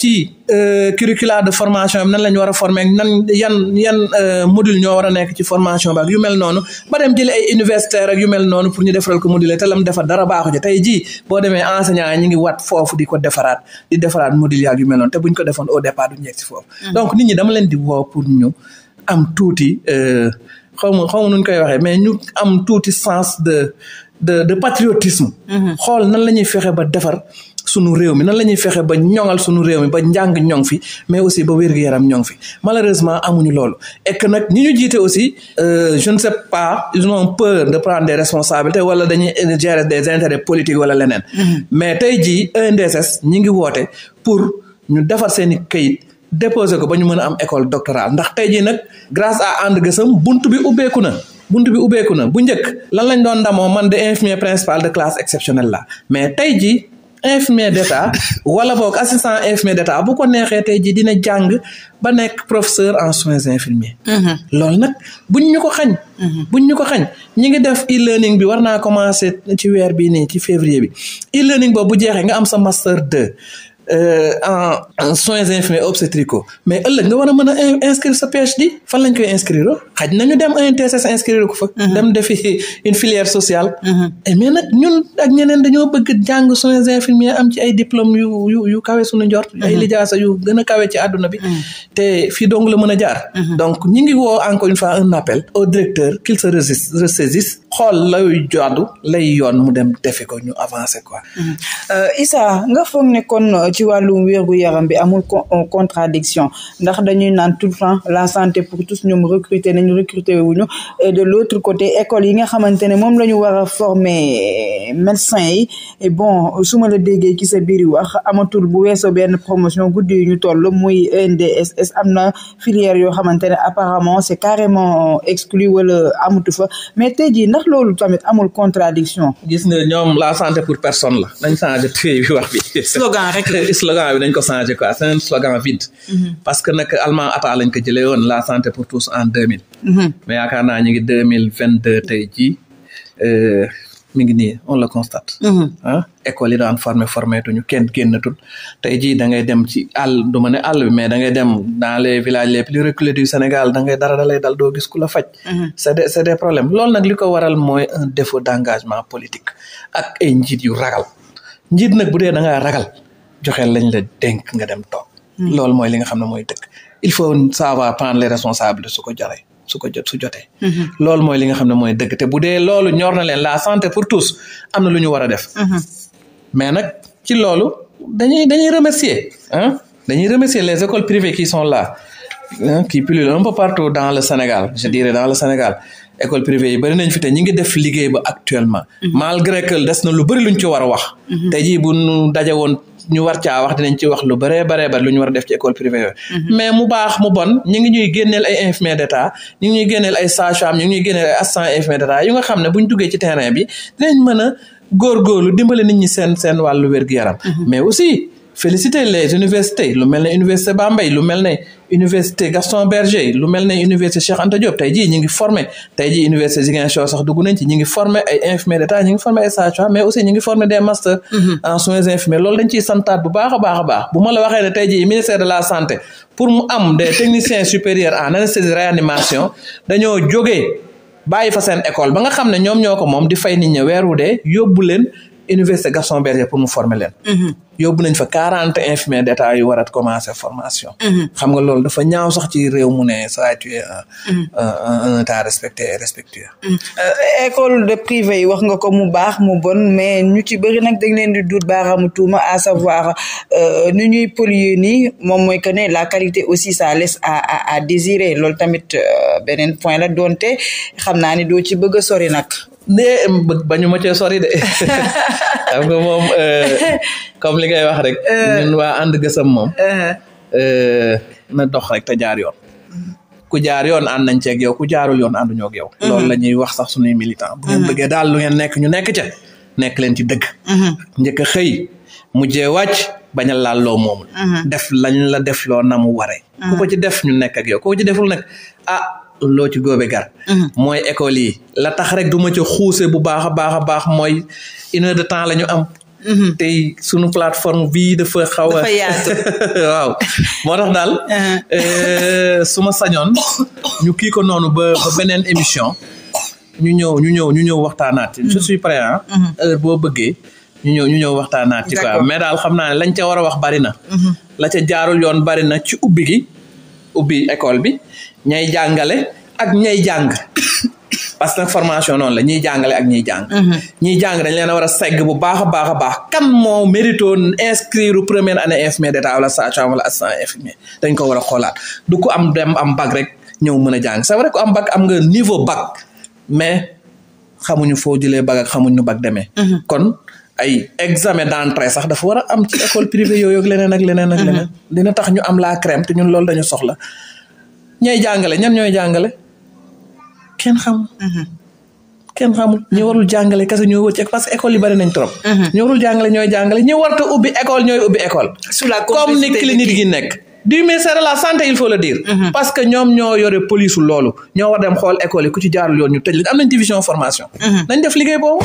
Speaker 2: ci euh, curricula de formation bi nan lañu ñu war a former nan yan yan euh, module ñoo war a nekk ci formation ba ak yu mel noonu ba dem jëli ay universitaire ak yu mel noonu pour ñu defaral ko module te lam defar dara baaxu ci tey jii boo demee enseignant yi ngi wat foofu di ko defaraat di defaraat module yaak yu mel noonu te buñ ko defoon au départ du ñu yegg si foofu mm. donc nit leen di woo pour ñu am xaw ma xaw ma nu koy waxee mais ñu am tuuti sens de de de patriotisme. Mm-hmm. xool nan la ñuy fexe ba defar sunu réew mi nan la ñuy fexe ba ñoŋal sunu réew mi ba njàng ñoŋ fi mais aussi ba wér-gu-yaram ñoŋ fi malheureusement amuñu lool et nag ñi ñu jiite aussi euh, je ne sais pas ils ont peur de prendre des responsabilités wala dañuy gérer des intérêts politiques wala leneen. Mm-hmm. mais tey jii ENDSS ñi ngi woote pour ñu defar seen i kayit. déposé ko ba ñu mën a am école doctorale ndax tey jii nag grâce à And Gueusseum bunt bi ubbeeku na bunt bi ubbeeku na bu njëkk lan lañ doon ndamoo man de infirmier principal de classe exceptionnelle la mais tey jii infirmier d'état (laughs) wala boog assistant infirmier d'état bu ko neexee tey jii dina jàng ba nekk professeur en soins infirmiers. Mhm. loolu nag buñ ñu ko xañ. Mhm. buñ ñu ko xañ ñi ngi def e-learning bi war naa commencer ci weer bii nii ci février bi e-learning boobu bu jeexee nga am sa master en euh, en soins infirmiers obstétricaux mais ëllëg nga war a mën a inscrire sa PhD fan lañ koy inscrire xaj nañu dem INTSS inscrire ko fa. Mhm. dem defi (laughs) une filière sociale. Mhm. mais nag ñun ak ñeneen dañoo bëgg jàng soins infirmiers am ci ay diplôme yu yu yu kawe suñu njort. Mhm. ay lijaasa yu gën a kawee ci àdduna bi. te fii dong la mën a jaar. donc ñi ngi woo encore une fois un appel au directeur qu'il se ressaisisse xool lay jàddu lay yoon mu dem defi ko ñu avancer ko
Speaker 1: euh, Issa nga foog ne euh, ci wàllum wér-gu-yaram bi amul euh, contradiction ndax dañuy naan tout le temps la santé pour tous ñoom recruter nañu recruter wuñu et de l' côté école yi nga xamante ne moom la ñu war a former médecin yi et bon su ma la déggee ci sa biir wax amatul bu weesoo benn promotion guddi yu ñu toll muy ENDSS am na filière yoo xamante ne apparemment c' est carrément exclu wala amatu fa mais tey jii ndax ndax loolu tamit amul contradiction
Speaker 2: gis nga ñoom la santé pour personne la nañ changé tuye bi wax bi slogan rek (laughs) slogan bi nañ ko changé quoi c'est un slogan vide mhm. parce que nag allemand ata lañ ko jëlee woon la santé pour tous en deux mille mhm. mais yaakaar naa ñu deux mille vingt deux tey jii euh, mi ngi nii on le constate mhm. ah école yi daan formé formé tuñu kenn génnatul tey jii da ngay dem ci àll du ma ne àll bi mais da ngay dem dans les villages les plus reculés du Sénégal da ngay dara da lay dal doo gis ku la mhm. c'est des c'est des nag li ko waral mooy un défaut d'engagement politique ak ay njiit yu ragal njiit nag bu dee da ngaa ragal joxeel lañ la dénk nga dem toog mhm. loolu mooy li nga xam ne mooy dëkk il faut savoir prendre les responsables su ko jaree su ko jot su jotee. Mm-hmm. loolu mooy li nga xam ne mooy dëgg te bu dee loolu ñor na leen la santé pour tous am na lu ñu war a def. Mm-hmm. mais nag ci loolu dañuy dañuy remercier ah dañuy remercier les écoles privées qui sont là qui pullulent un peu partout dans le Sénégal je dirais dans le Sénégal. école privée yi bëri nañ ñi ngi def liggéey ba actuellement. Mm-hmm. malgré que des na lu bëri luñ ci war a wax. tey jii bu nu daje woon ñu war caa wax dinañ ci wax lu bëree baree bari lu ñu war a def ci école privée mais mu baax mu bon ñu ngi ñuy génneel ay infirmiers d'état ñu ngi ñuy génneel ay sages-femmes ñu ngi ñuy génneel ay assistants infirmiers d'état yu nga xam ne buñ duggee ci terrain bi dinañ mën a góorgóorlu dimbale nit ñi seen seen wàllu wér-gu-yaram mm-hmm. mais aussi féliciter les universités lu mel ne université Bambey lu mel ne université Gaston Berger lu mel ne université Cheikh Anta Diop tey jii ñu ngi formé tey jii université Ziguinchor sax dugg nañ ci ñu ngi formé ay infirmiers d'état ñu ngi mais aussi ngi formé des masters mhm. en soins infirmiers loolu dañ ciy santaat bu baax a baax a baax bu ma la waxee ne tey jii ministère de la santé pour mu am des techniciens (laughs) supérieurs en anesthésie réanimation dañoo jógee bàyyi fa seen école ba nga xam ne ñoom ñoo ko moom di fay niñ ñi weeru wu dee yóbbu leen université Gaston Berger pour mu former leen. Mhm. yóbbu nañ fa quarante infirmiers d'état yu war a commencer formation. Mhm. xam nga loolu dafa ñaaw sax ci réew mu ne saa tu es un état respecté et respectueux.
Speaker 1: Mhm. Euh, de privé yi wax nga ko mu baax mu bon mais ñu ci bëri nag dañ leen di duut baaraamu tuuma à savoir euh, nu ñuy polluer nii moom mooy que ne la qualité aussi ça laisse à à désirer loolu tamit euh, beneen point la donte xam naa ni doo ci bëgg a sori nag. nee bañu ma cee
Speaker 2: de (laughs) xam nga moom euh, comme li ngay wax rek. Euh. ñun waa ànd gësam moom. Euh. na dox rek te jaar yoon. ku jaar yoon ànd nañ ceeg yow ku jaarul yoon ànduñoo ak yow. Mhm. loolu la ñuy wax sax suñuy militant. bu ngeen mhm. bëggee daal lu ngeen nekk ñu nekk ca nekk leen ci dëgg. Mhm. njëkk xëy mujjee wàcc bañ a laal def lañ la def loo na mu waree. ku ko ci def ñu nekk ak yow ku ko ci deful nag ah. loo ci góobe gar mhm. mooy école yi la tax rek du ma ca xuuse bu baax a baax a baax mooy une de temps la ñu am mhm. tey sunu plateforme bii dafa xaw a (laughs) waaw moo tax daal (laughs) uh-huh. euh, su ma sañoon ñu kii ko noonu ba ba beneen émission ñu ñëw ñu ñëw ñu ñëw waxtaanaat mhm. je suis prêt ah heure boo bëggee ñu ñëw ñu ñëw waxtaanaat ci quoi mais daal xam naa ne lañ ca war a wax bari na la ca jaarul yoon bari na ci ubbi gi ubbi école bi ñay jàngale ak ñay jàng (coughs) parce que formation noonu la ñiy jàngale ak ñiy jàng mhm. ñiy jàng dañ leen a war a segg bu baax a baax a baax kan moo mérito inscrire première année infirmier d'état wala sage-femme wala assistant infirmier dañ ko war a xoolaat du ko am dem am bac rek ñëw mën a jàng c'est vrai que am bac am nga niveau bac mais xamuñu foo jëlee bac ak xamuñu nu bac demee mhm. kon ay examen d'entrée sax dafa war a am ci école privée yooyu ak leneen ak leneen ak mhm. leneen dina tax ñu am la crème te ñun loolu dañu soxla ñay jàngale ñan ñooy jàngale kenn xamul mhm. kenn xamul ñu mhm. warul jàngale kese ñoo wëcc parce que école yi bari nañ trop ñu warul jàngale ñooy jàngale ñu warta ubbi école ñooy ubbi école comme ni clinique yi nekk du ministère de la santé il faut le dire parce que ñoom ñoo yore police loolu ñoo war dem xool école yi ku ci jaarul yoon ñu tëj leen am nañ division formation nañ def liggéey boobu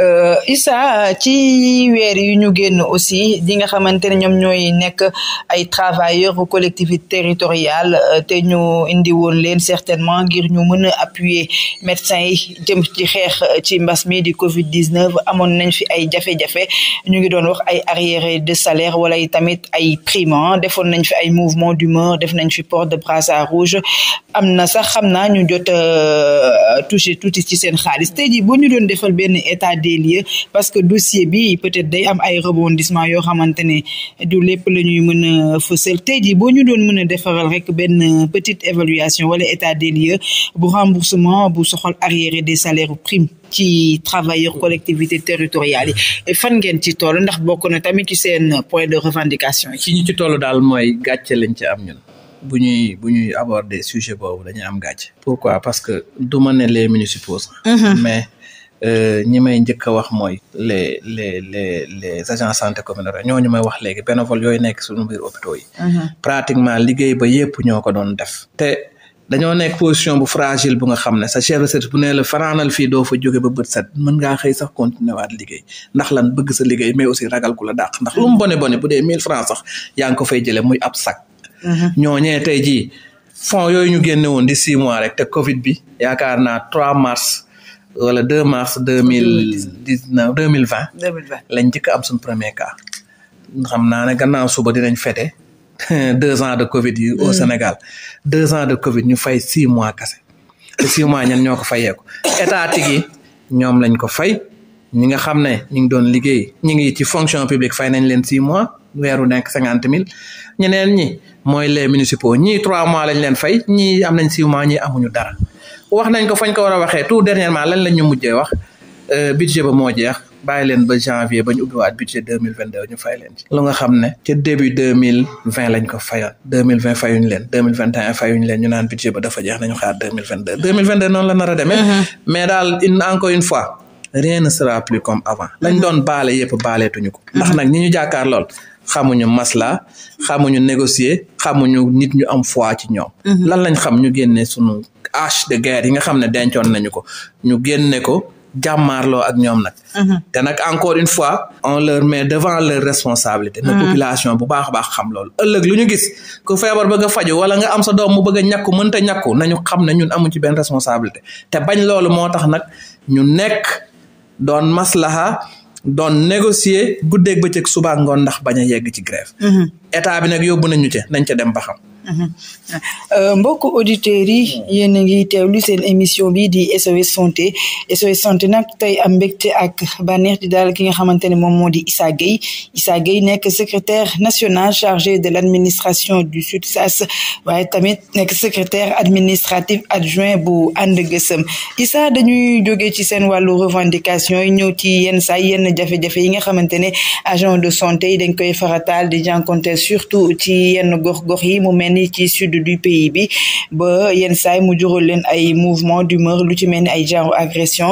Speaker 1: Euh, Issa ci weer yu ñu génn aussi di nga xamante ne ñoom ñooy nekk ay travailleurs collectivités territoriales euh, te ñu indi woon leen certainement ngir ñu mën a appuyer médecins yi jëm ci xeex euh, ci mbas mi di Covid 19 amoon nañ fi ay jafe-jafe ñu ngi doon wax ay arriérés de salaire wala tamit ay primes defoon nañ fi ay mouvement d'humeur def nañ fi port de brassard rouge am na sax xam naa ñu jot touché tuuti ci seen xaalis tey jii boo ñu doon defal benn benn état des lieux parce que dossier bi peut-être day am ay rebondissement yoo xamante ne du lépp la ñuy mën a fësal tey jii boo ñu doon mën a defaral rek benn petite évaluation wala état des lieux bu remboursement bu soxal arriéré des salaires primes ci travailleurs collectivités territoriales yi fan ngeen ci toll ndax bokk na tamit ci seen point de revendication
Speaker 2: yi. ñu ci toll daal mooy gàcce lañ ci am ñun. bu ñuy bu ñuy aborder sujet boobu dañuy am gàcce. pourquoi parce que du ma ne les municipaux sax. Mhm. Euh, ñi may njëkk a wax mooy les les les les agents santé communautaire ñooñu may wax léegi bénévole yooyu nekk suñu biir hôpitaux yi. Mhm. pratiquement liggéey ba yépp ñoo ko doon def. te dañoo nekk position bu fragile bu nga xam ne sa chef de service bu ne la fanaanal fii doo fa jóge ba bët set mën ngaa xëy sax continuer waat liggéey ndax lan bëgg sa liggéey mais aussi ragal ku la dàq ndax lu bone bone bu dee 1000 francs sax yaa ngi ko fay jëlee muy ab sac. Mhm. ñooñee te ji fonds yooyu ñu génne woon di 6 mois rek te Covid bi yaakaar naa 3 mars. wala 2 mars deux mille dix neuf deux mille vingt. deux lañ njëkk am suñ premier cas. xam naa ne gannaaw suba dinañ fete (laughs) deux ans de Covid yi. Mm. Sénégal deux ans de Covid ñu fay six mois kese. te six mois ñan ñoo ko fayeeku étatique yi ñoom lañ ko fay ñi nga xam ne ñu ngi doon liggéey ñu ngi ci fonction publique fay nañ leen six mois weeru nekk cinquante mille ñeneen ñi mooy les municipaux ñii trois mois lañ leen fay ñii am nañ six mois ñii amuñu dara. wax nañ ko fañ ko war a waxee tout dernièrement lan lañ ñu mujjee wax euh, budget ba moo jeex bàyyi leen ba janvier ba ñu ubbiwaat budget deux mille vingt deux nga xam ne ca début deux mille vingt lañ ko fayoon deux mille vingt fayuñ leen deux mille vingt ñu naan budget ba dafa jeex nañu xaar deux mille vingt deux deux mille vingt deux noonu la nar a demee. Uh-huh. mais daal une encore une fois. rien ne sera plus comme avant. lañ doon uh-huh. baale yëpp baaleetuñu ko. ndax uh-huh. nag ñi ñu jàkkaar lool xamuñu masla xamuñu négocier xamuñu nit ñu am foi ci ñoom. lan lañ xam ñu génnee sunu hache de guerre yi nga xam ne dencoon nañu ko ñu génne ko jàmmaarloo ak ñoom nag mhm. te nag encore une fois on leur met devant leur responsabilité na mhm. population bu baax a baax xam loolu ëllëg lu ñu gis ku feebar bëgg a faju wala nga am sa doom mu bëgg a ñàkku mënta ñàkku nañu xam ne ñun amuñ ci benn responsabilité te bañ loolu moo tax nag ñu nekk doon maslaha doon négocier guddeeg bëccëg suba ngoon ndax bañ a yegg ci grève mhm. état bi nag yóbbu nañu ca nañ ca dem ba
Speaker 1: Mhm. Euh, mbokk auditeurs yi yéen a ngi teewlu seen émission bi di SOS santé SOS santé nag tey a mbégte ak bànneex di daal ki nga xamante ne moom moo di Issa Gueye Issa Gueye nekk secrétaire national chargé de l'administration du SUTSAS waaye tamit nekk secrétaire administratif adjoint bu And Gueusseum Issa dañuy jógee ci seen wàllu revendication yi ñëw ci yenn saa yenn jafe-jafe yi nga xamante ne agent de santé yi dañ koy farataal di jànkonteel surtout ci yenn gox-gox yi mu mel mel ni ci sud du pays bi ba yenn saay mu jural leen ay mouvement du d'humeur lu ci mel ni ay genre agression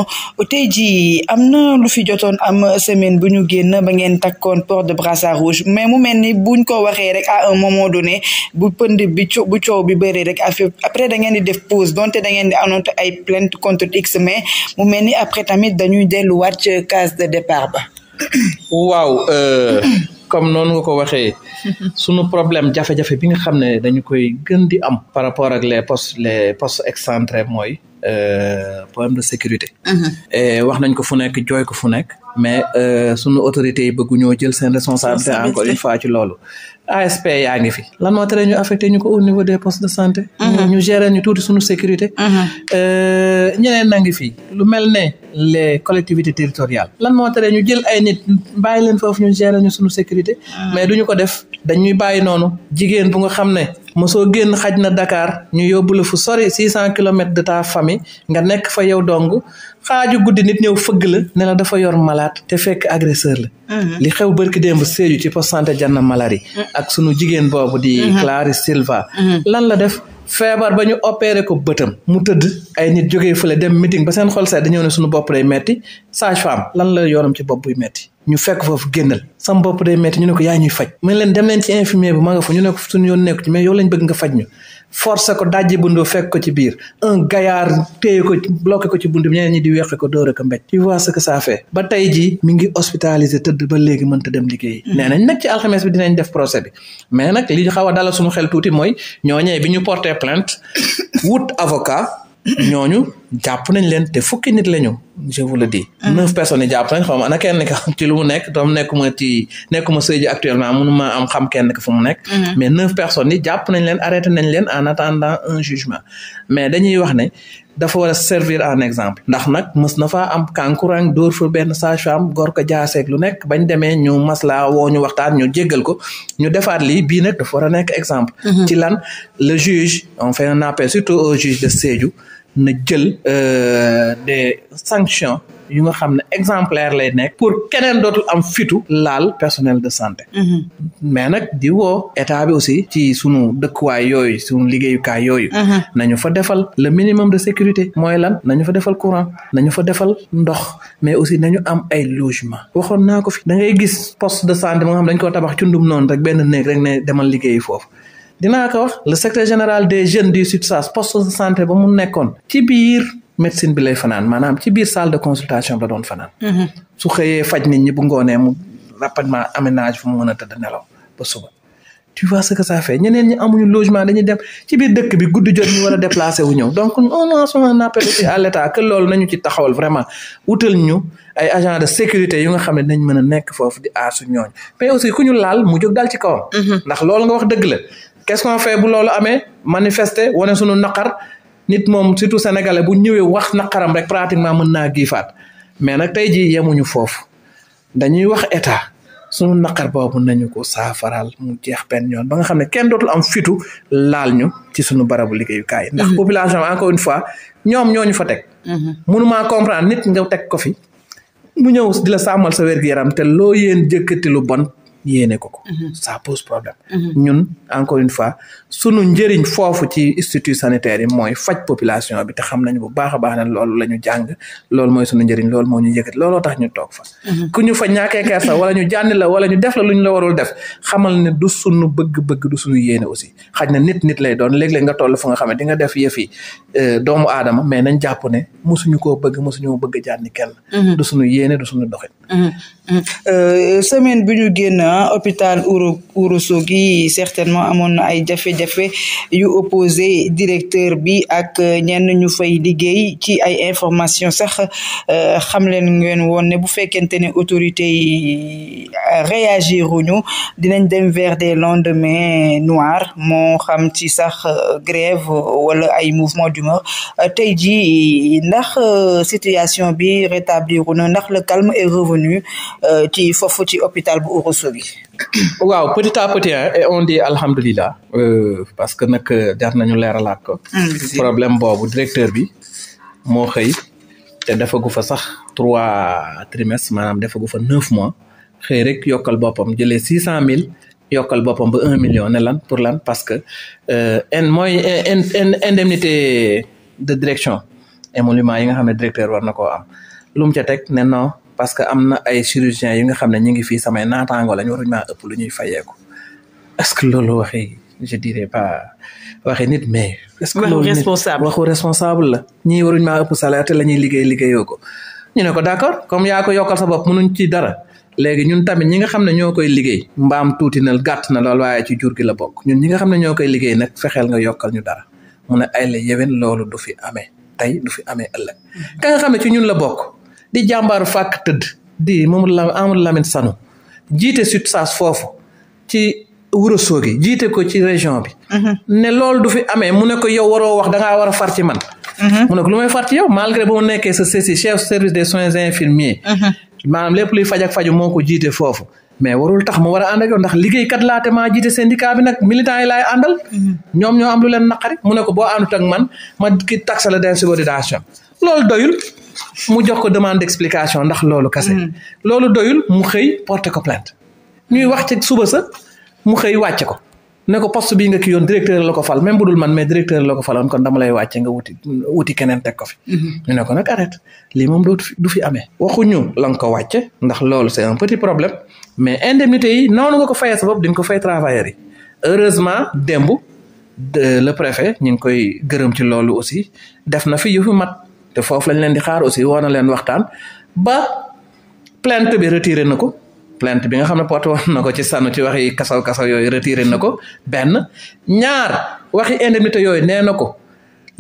Speaker 1: tey jii am na lu fi jotoon am semaine bu ñu génn ba ngeen takkoon port de brassard rouge mais mu mel ni buñ ko waxee rek a un moment donné bu pënd bi bu coow bi bëree rek après da ngeen di def pouse donte da ngeen di anonté ay plainte contre x mais mu mel ni après tamit dañuy delluwaat case de départ ba
Speaker 2: (coughs) waaw euh, comme noonu nga ko waxee (laughs) sunu problème jafe-jafe bi nga xam ne dañu koy gën di am par rapport ak les postes les postes excentrés mooy euh, problème de sécurité uh-huh. wax nañ ko fu nekk jooy ko fu nekk mais euh, sunu autorités yi bëgguñoo jël seen responsabilité encore une fois ci loolu ASP yaa ngi fi lan moo tere ñu affecté ñu ko au niveau des postes de santé. Mhm. ñu gérer ñu tuuti suñu sécurité. Mhm. Euh, ñeneen na ngi fi lu mel ne les collectivité territoriales. lan moo tere ñu jël ay nit bàyyi leen foofu ñu gérer ñu suñu sécurité. Mhm. mais duñu ko def dañuy bàyyi noonu jigéen bu nga xam ne. mosoo génn xaj na Dakar ñu yóbbu la fu sori six cent kilomètres de ta famille nga nekk fa yow dong xaaju guddi nit ñëw fëgg la ne la dafa yor malaat te fekk agresseur la. Mhm. li xew barki démb Sédhiou ci poste jan Janna Malari. Mhm. ak sunu jigéen boobu di. Mhm. Clarisse Silva. lan la def. feebar ba ñu opéré ko bëtam mu tëdd ay nit jógee fële dem meeting ba seen xol sedd dañoo ne suñu bopp day metti sage femme lan la yoonam ci bopp buy metti ñu fekk foofu génnal sam bopp day metti ñu ne ko yaa ñuy faj mu ne leen dem ci infirmier bi ma nga ñu ne suñu yoon nekku ci mais yow lañ bëgg nga faj ñu force ko dajji bundu fekk ko ci biir un gaillard téye ko bloqué ko ci bundu bi ñeneen ñi di weqe ko dóore ko mbéj tu vois ce que ça ba tey ji mi ngi hospitalisé tëdd ba léegi mënta dem liggéeyi hmm. nee nañ nag ci alxames bi dinañ def procès bi mais nag li xaw a dala suma xel tuuti mooy ñooñee bi ñu portee plainte (coughs) wut avocat ñooñu jàpp nañ leen te fukki nit lañu je vous le dis. Mm-hmm. neuf personnes yi jàpp nañ xaw ma ana kenn ka (laughs) ci lu mu nekk tam nekkuma ci nekkuma sëy ji actuellement am xam kenn fu mu nekk. Mm-hmm. mais neuf personnes yi jàpp nañ leen arrêté nañ leen en attendant un jugement mais dañuy wax ne dafa war a servir en exemple. ndax nag mës na faa am kankurang door fa benn sage-femme gor ko jaaseeg lu nekk bañ demee ñu maslaa woo ñu waxtaan ñu jéggal ko ñu defaat lii bii nag dafa war a nekk exemple. Mm-hmm. ci lan le juge on a un appel surtout au juge de Sédhiou. na jël euh, des sanction yu nga xam ne exemplaire lay nekk pour keneen dootul am fitu laal personnel de santé mhm. mais nag di woo état bi aussi ci sunu dëkkuwaay yooyu sunu liggéeyukaay yooyu mhm. nañu fa defal le minimum de sécurité mooy lan nañu fa defal courant nañu fa defal ndox mais aussi nañu am ay logement waxoon naa ko fi da gis poste de santé moo nga xam dañ koo tabax ci ndum noonu rek benn néeg rek ne demal liggéey foofu dinaa ko wax le secrétaire général des jeunes du SUTSAS poste de santé ba mu nekkoon ci biir médecine bi lay fanaan maanaam ci biir salle de consultation la doon fanaan mhm. su xëyee faj nit ñi bu ngoonee mu rapidement aménage fu mu mën a tëdd nelaw ba suba tu vois ce que ça fait ñeneen ñi amuñu logement dañuy dem ci biir dëkk bi guddi jot ñu war a déplacé wu ñëw donc on lance un appel aussi à l'état que loolu nañu ci taxawal vraiment wutal ñu ay agent de sécurité yu nga xam ne dañ mën a nekk foofu di aar su ñooñ mais aussi ku ñu laal mu jóg daal ci kawam. Mhm. qu'est-ce qu'on bu loolu amee manifester wane sunu naqar nit moom surtout sénégalais bu ñëwee wax naqaram rek pratiquement mën naa giifaat mais nag tey jii yemuñu foofu dañuy wax état sunu naqar boobu nañu ko saafaraal mu jeex benn yoon ba nga xam ne kenn dootul am fitu laal ñu ci sunu barabu liggéeyukaay. ndax mhm. population encore fois ñoom ñoo ñu fa teg. Mhm. mënumaa comprendre nit nga teg ko fi mu ñëw di la sàmmal sa wér yaram te loo yéen jëkkati lu bon yéene ko ko mm-hmm. ça pose problème mm-hmm. ñun encore une fois sunu njëriñ foofu ci institut sanitaire yi mooy faj population bi te xam nañu bu baax a baax ne loolu la ñu jàng loolu mooy sunu njëriñ loolu moo ñu yëkkati looloo tax ñu toog fa. Mm-hmm. ku ñu fa ñàkkee kersa wala ñu jànni la wala ñu def la lu ñu la warul def xamal ne du sunu bëgg-bëgg du sunu yéene aussi xaj na nit nit lay doon léeg-léeg nga toll fu nga xam ne di nga def yëf yi euh, doomu aadama mais nañ jàpp ne mosuñu koo bëgg mosuñu bëgg a jànni kenn. Mm-hmm. du sunu yéene du sunu doxin. Mm-hmm. Euh, semaine bi ñu génn ah, hôpital
Speaker 1: jafe-jafe yu opposé directeur bi ak euh, ñenn ñu fay liggéey ci ay information sax euh, xam leen ngeen woon ne bu fekkente ne autorité yi euh, réagiruñu dinañ dem vers de lendemains noirs moo xam ci sax grève wala ay mouvement d'humeur tey jii ndax situation bi rétabliru na ndax le calme est revenu ci foofu ci hôpital bu Ourossogui
Speaker 2: (coughs) waaw petit à petit on dit alhamdulilah parce que nag euh, jar nañu laat ko. Ah, problème boobu directeur bi moo xëy te defagu fa sax trois trimestres maanaam defagu fa neuf mois xëy rek yokkal boppam jëlee six cent mille yokkal boppam ba un million ne lan pour lan parce que euh, en mooy indemnité de direction émoluments yi nga xam ne directeur war na koo am lu mu ca teg ne non parce que am na ay chirurgiens yi nga xam ne ñu ngi fii samay naataango ñu waruñu maa ëpp lu ñuy fayeeku est-ce que loolu waxi je dirais pas waxi nit mais. est-ce que waxu responsable waxu responsable la. ñii waruñ maa ëpp salaire te la ñuy liggéey liggéeyoo ko ñu ne ko d'accord comme yaa ko yokkal sa bopp ñu ci dara léegi ñun tamit ñi nga xam ne ñoo koy liggéey. mbaam tuuti na gàtt na lool waaye ci jur gi la bokk ñun ñi nga xam ne ñoo koy liggéey nag fexeel nga yokkal ñu dara mu ne ay la yewen loolu du fi amee tey du fi amee ëllëg. ka nga xam ne ci ñun la bokk di jàmbaaru fàkk tëdd di Mamadou Lamine Amadou Lamine Sanu jiite SUTSAS Ourossogui jiite ko ci région bi. Mhm. ne loolu du fi amee mu ne ko yow waroo wax da ngaa war a far ci man. Mhm. mu ne lu may far ci yow malgré bu mu nekkee sa CECI chef service des soins infirmiers. Mhm. maanaam lépp luy faj faju moo ko jiite foofu. mais warul tax mu war a ànd ak yow ndax laa te maa jiite syndicat bi nag militant yi laay àndal. ñoom ñoo am lu leen naqari mu ne ko boo àndut ak man ma ki taxe la d'insubordination loolu doyul mu jox ko demande explication ndax loolu kese. loolu doyul mu xëy porte ko plainte ñuy wax ci suba sa. mu xëy wàcce ko ne ko poste bii nga ki yoon directeur la ko fal me bu dul man mais directeur la ko faloon kon dama lay wàcce nga wuti wuti keneen teg ko fi. Mhm. ñu ne ko nag arrête lii moom dootu fi du fi amee. waxuñu la nga ko wàcce ndax loolu c'est un petit problème mais indemnité yi noonu nga ko fayee sa bopp di ko fay travailleurs yi heureusement démb le préfet ñu ngi koy gërëm ci loolu aussi def na fi yu fi mat te foofu lañ leen di xaar aussi woo na leen waxtaan ba plante bi retiré na ko. plainte bi nga xam ne porte woon na ko ci sànnu ci waxi kasaw kasaw yooyu retiré na ko benn ñaar waxi indemnité yooyu nee na ko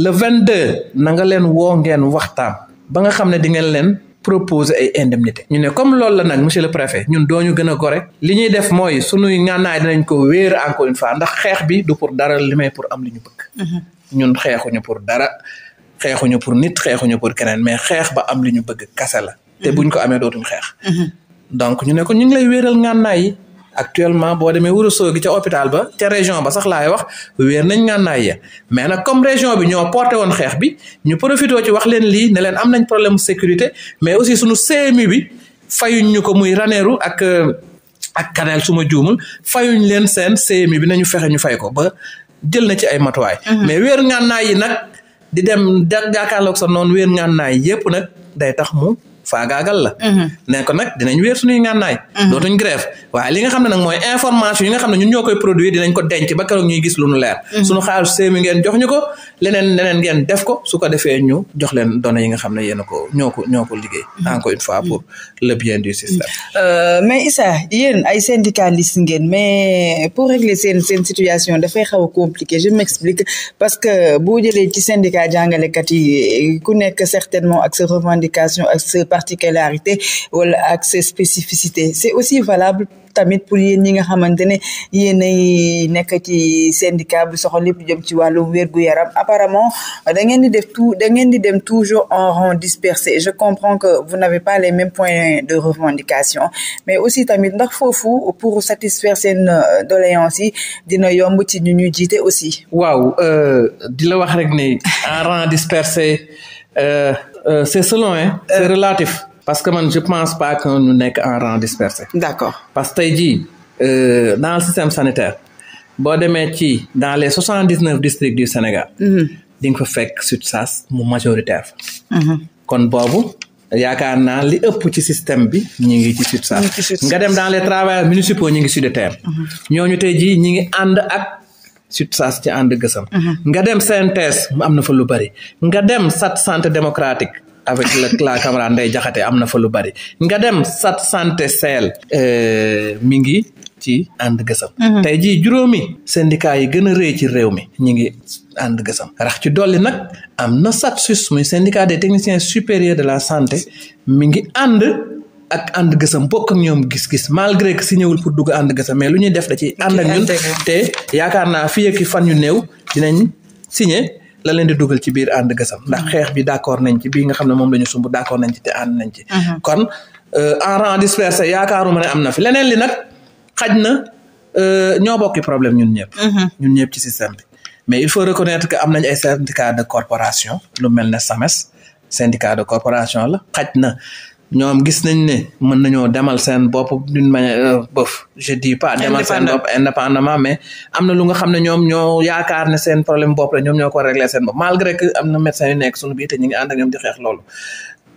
Speaker 2: le 22 na nga leen woo ngeen waxtaan ba nga xam ne di ngeen leen proposé ay indemnité ñu ne comme loolu la nag monsieur le préfet ñun dooñu gën ko rek li ñu def mooy sunuy ngànnaay nañ ko wéer encore une fois ndax xeex bi du pour dara li may pour am li ñu bëgg mhm. ñun xeexuñu pour dara xeexuñu pour nit xeexuñu pour keneen mais xeex ba am li ñu bëgg kase la te mhm. ko amee dootuñ xeex mhm. donc ñu ne ko ñu ngi lay wéeral ngànnaay yi actuellement boo demee Ourossogui gi ca hôpital ba ca région ba sax laay wax wéer nañ ngànnaay ya mais nag comme région bi ñoo porté woon xeex bi ñu profité ci wax leen lii ne leen am nañ problème sécurité mais aussi suñu CMU bi fayuñ ñu ko muy Ranérou ak euh, ak Kanel su juumul fayuñ leen seen CMU bi nañu fexe ñu fay ko ba jël na ci ay matuwaay. Mhm. mais wéer ngànnaay yi nag di dem jàkkaarloog sa noonu wéer ngànnaay yépp nag day tax mu. faagaagal la ne mhm. ko nag dinañ wéer suñuy ngànnaay mhm. dootuñ grève waaye li nga xam ne nag mooy information yi nga xam ne ñun ñoo koy produire dinañ ko denc ba keroog ñuy gis lu nu leer mhm. suñu xaalis séemi ngeen jox ñu ko leneen leneen a une fois pour le bien du système
Speaker 1: euh, mais Issa yéen ay syndicaliste ngeen mais pour régler seen seen situation dafay xaw a compliqué je m'explique parce que boo jëlee ci syndicat jàngalekat yi ku nekk certainement ak revendication ak particularité wala ak ses spécificités c'est aussi valable tamit pour yéen ñi nga xamante ne yéen ay nekk ci syndicat bu soxla lépp jëm ci wàllu wér yaram apparemment da ngeen di def tout da ngeen di dem toujours en rang dispersé je comprends que vous n'avez pas les mêmes points de revendication mais aussi tamit ndax foofu pour satisfaire seen euh, doléance
Speaker 2: yi dina yomb ci ñu ñu jiite aussi waaw euh, di la wax rek rang dispersé euh, Euh, c'est selon hein euh. c'est relatif parce que man je pense pas que ñu nekk en rang dispersé d'accord parce que tey jii euh, dans le système sanitaire boo demee ci dans les soixante dix neuf districts du Sénégal mhm. di nga fa fekk SUTSAS mu majoritaire mhm. kon boobu yaakaar naa li ëpp ci système bi ñu ngi ci SUTSAS nga dem dans le travailleurs municipaux ñu ngi sur le terrain mhm. ñooñu tey jii ñi ngi ànd ak SUTSAS ci ànd gësam uh-huh. nga dem CNTS am na fa lu bari nga dem sat santé démocratique avec (laughs) la camarade Ndeye Diakhaté am na fa lu bari nga dem sat santé seel euh, mi ngi ci ànd gësam uh-huh. tey jii juróomi sendika yi gën a rëy ci réew mi ñu ngi and gësam rax ci dolli nag am na SATSUS muy syndicat des techniciens supérieurs de la santé mingi ngi ak ànd gësam bokk ak ñoom gis-gis malgré que si ñëwul pour dugg ànd gësam mais lu ñuy def da ci ànd ak ñun te yaakaar naa fii ak fan yu néew dinañ signé la leen di dugal ci biir ànd gësam ndax xeex bi d'accord nañ ci bii nga xam ne moom la ñu sumb d'accord nañ ci te ànd nañ ci mhm. kon euh, en rang dispersé yaakaaruma ne am na fi leneen li nag xaj na euh, ñoo bokki problème ñun ñëpp mhm. ñun ñëpp ci système mais il faut reconnaître que am nañ ay syndicat de corporation lu mel ne SAMES syndicat de corporation la xaj na ñoom gis nañ ne mën nañoo demal seen bopp d'une manière euh, bof je dis pas demal seen bopp indépendamment mais am na lu nga xam ne ñoom ñoo yaakaar ne seen problème bopp la ñoom ñoo ko régler seen bopp malgré que am na médecins yu nekk suñu biir te ñu ngi ànd ak ñoom di xeex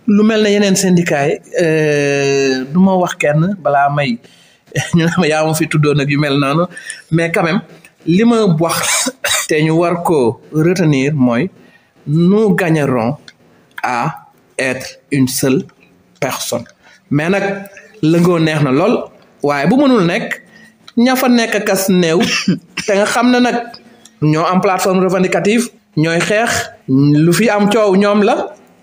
Speaker 2: lu mel ne yeneen syndicat yi euh, du ma wax kenn balaa may (laughs) ñu ne yaa ma fi tuddoon ak yu mel noonu mais quand même li ma wax (coughs) te ñu war ko retenir mooy nous gagnerons à être une seule personnes mais nag lëngoo neex na lool waaye bu mënul nekk ña fa nekk kas néew (laughs) te xam ne nag ñoo am plateforme revendicative ñooy xeex lu fi am coow ñoom la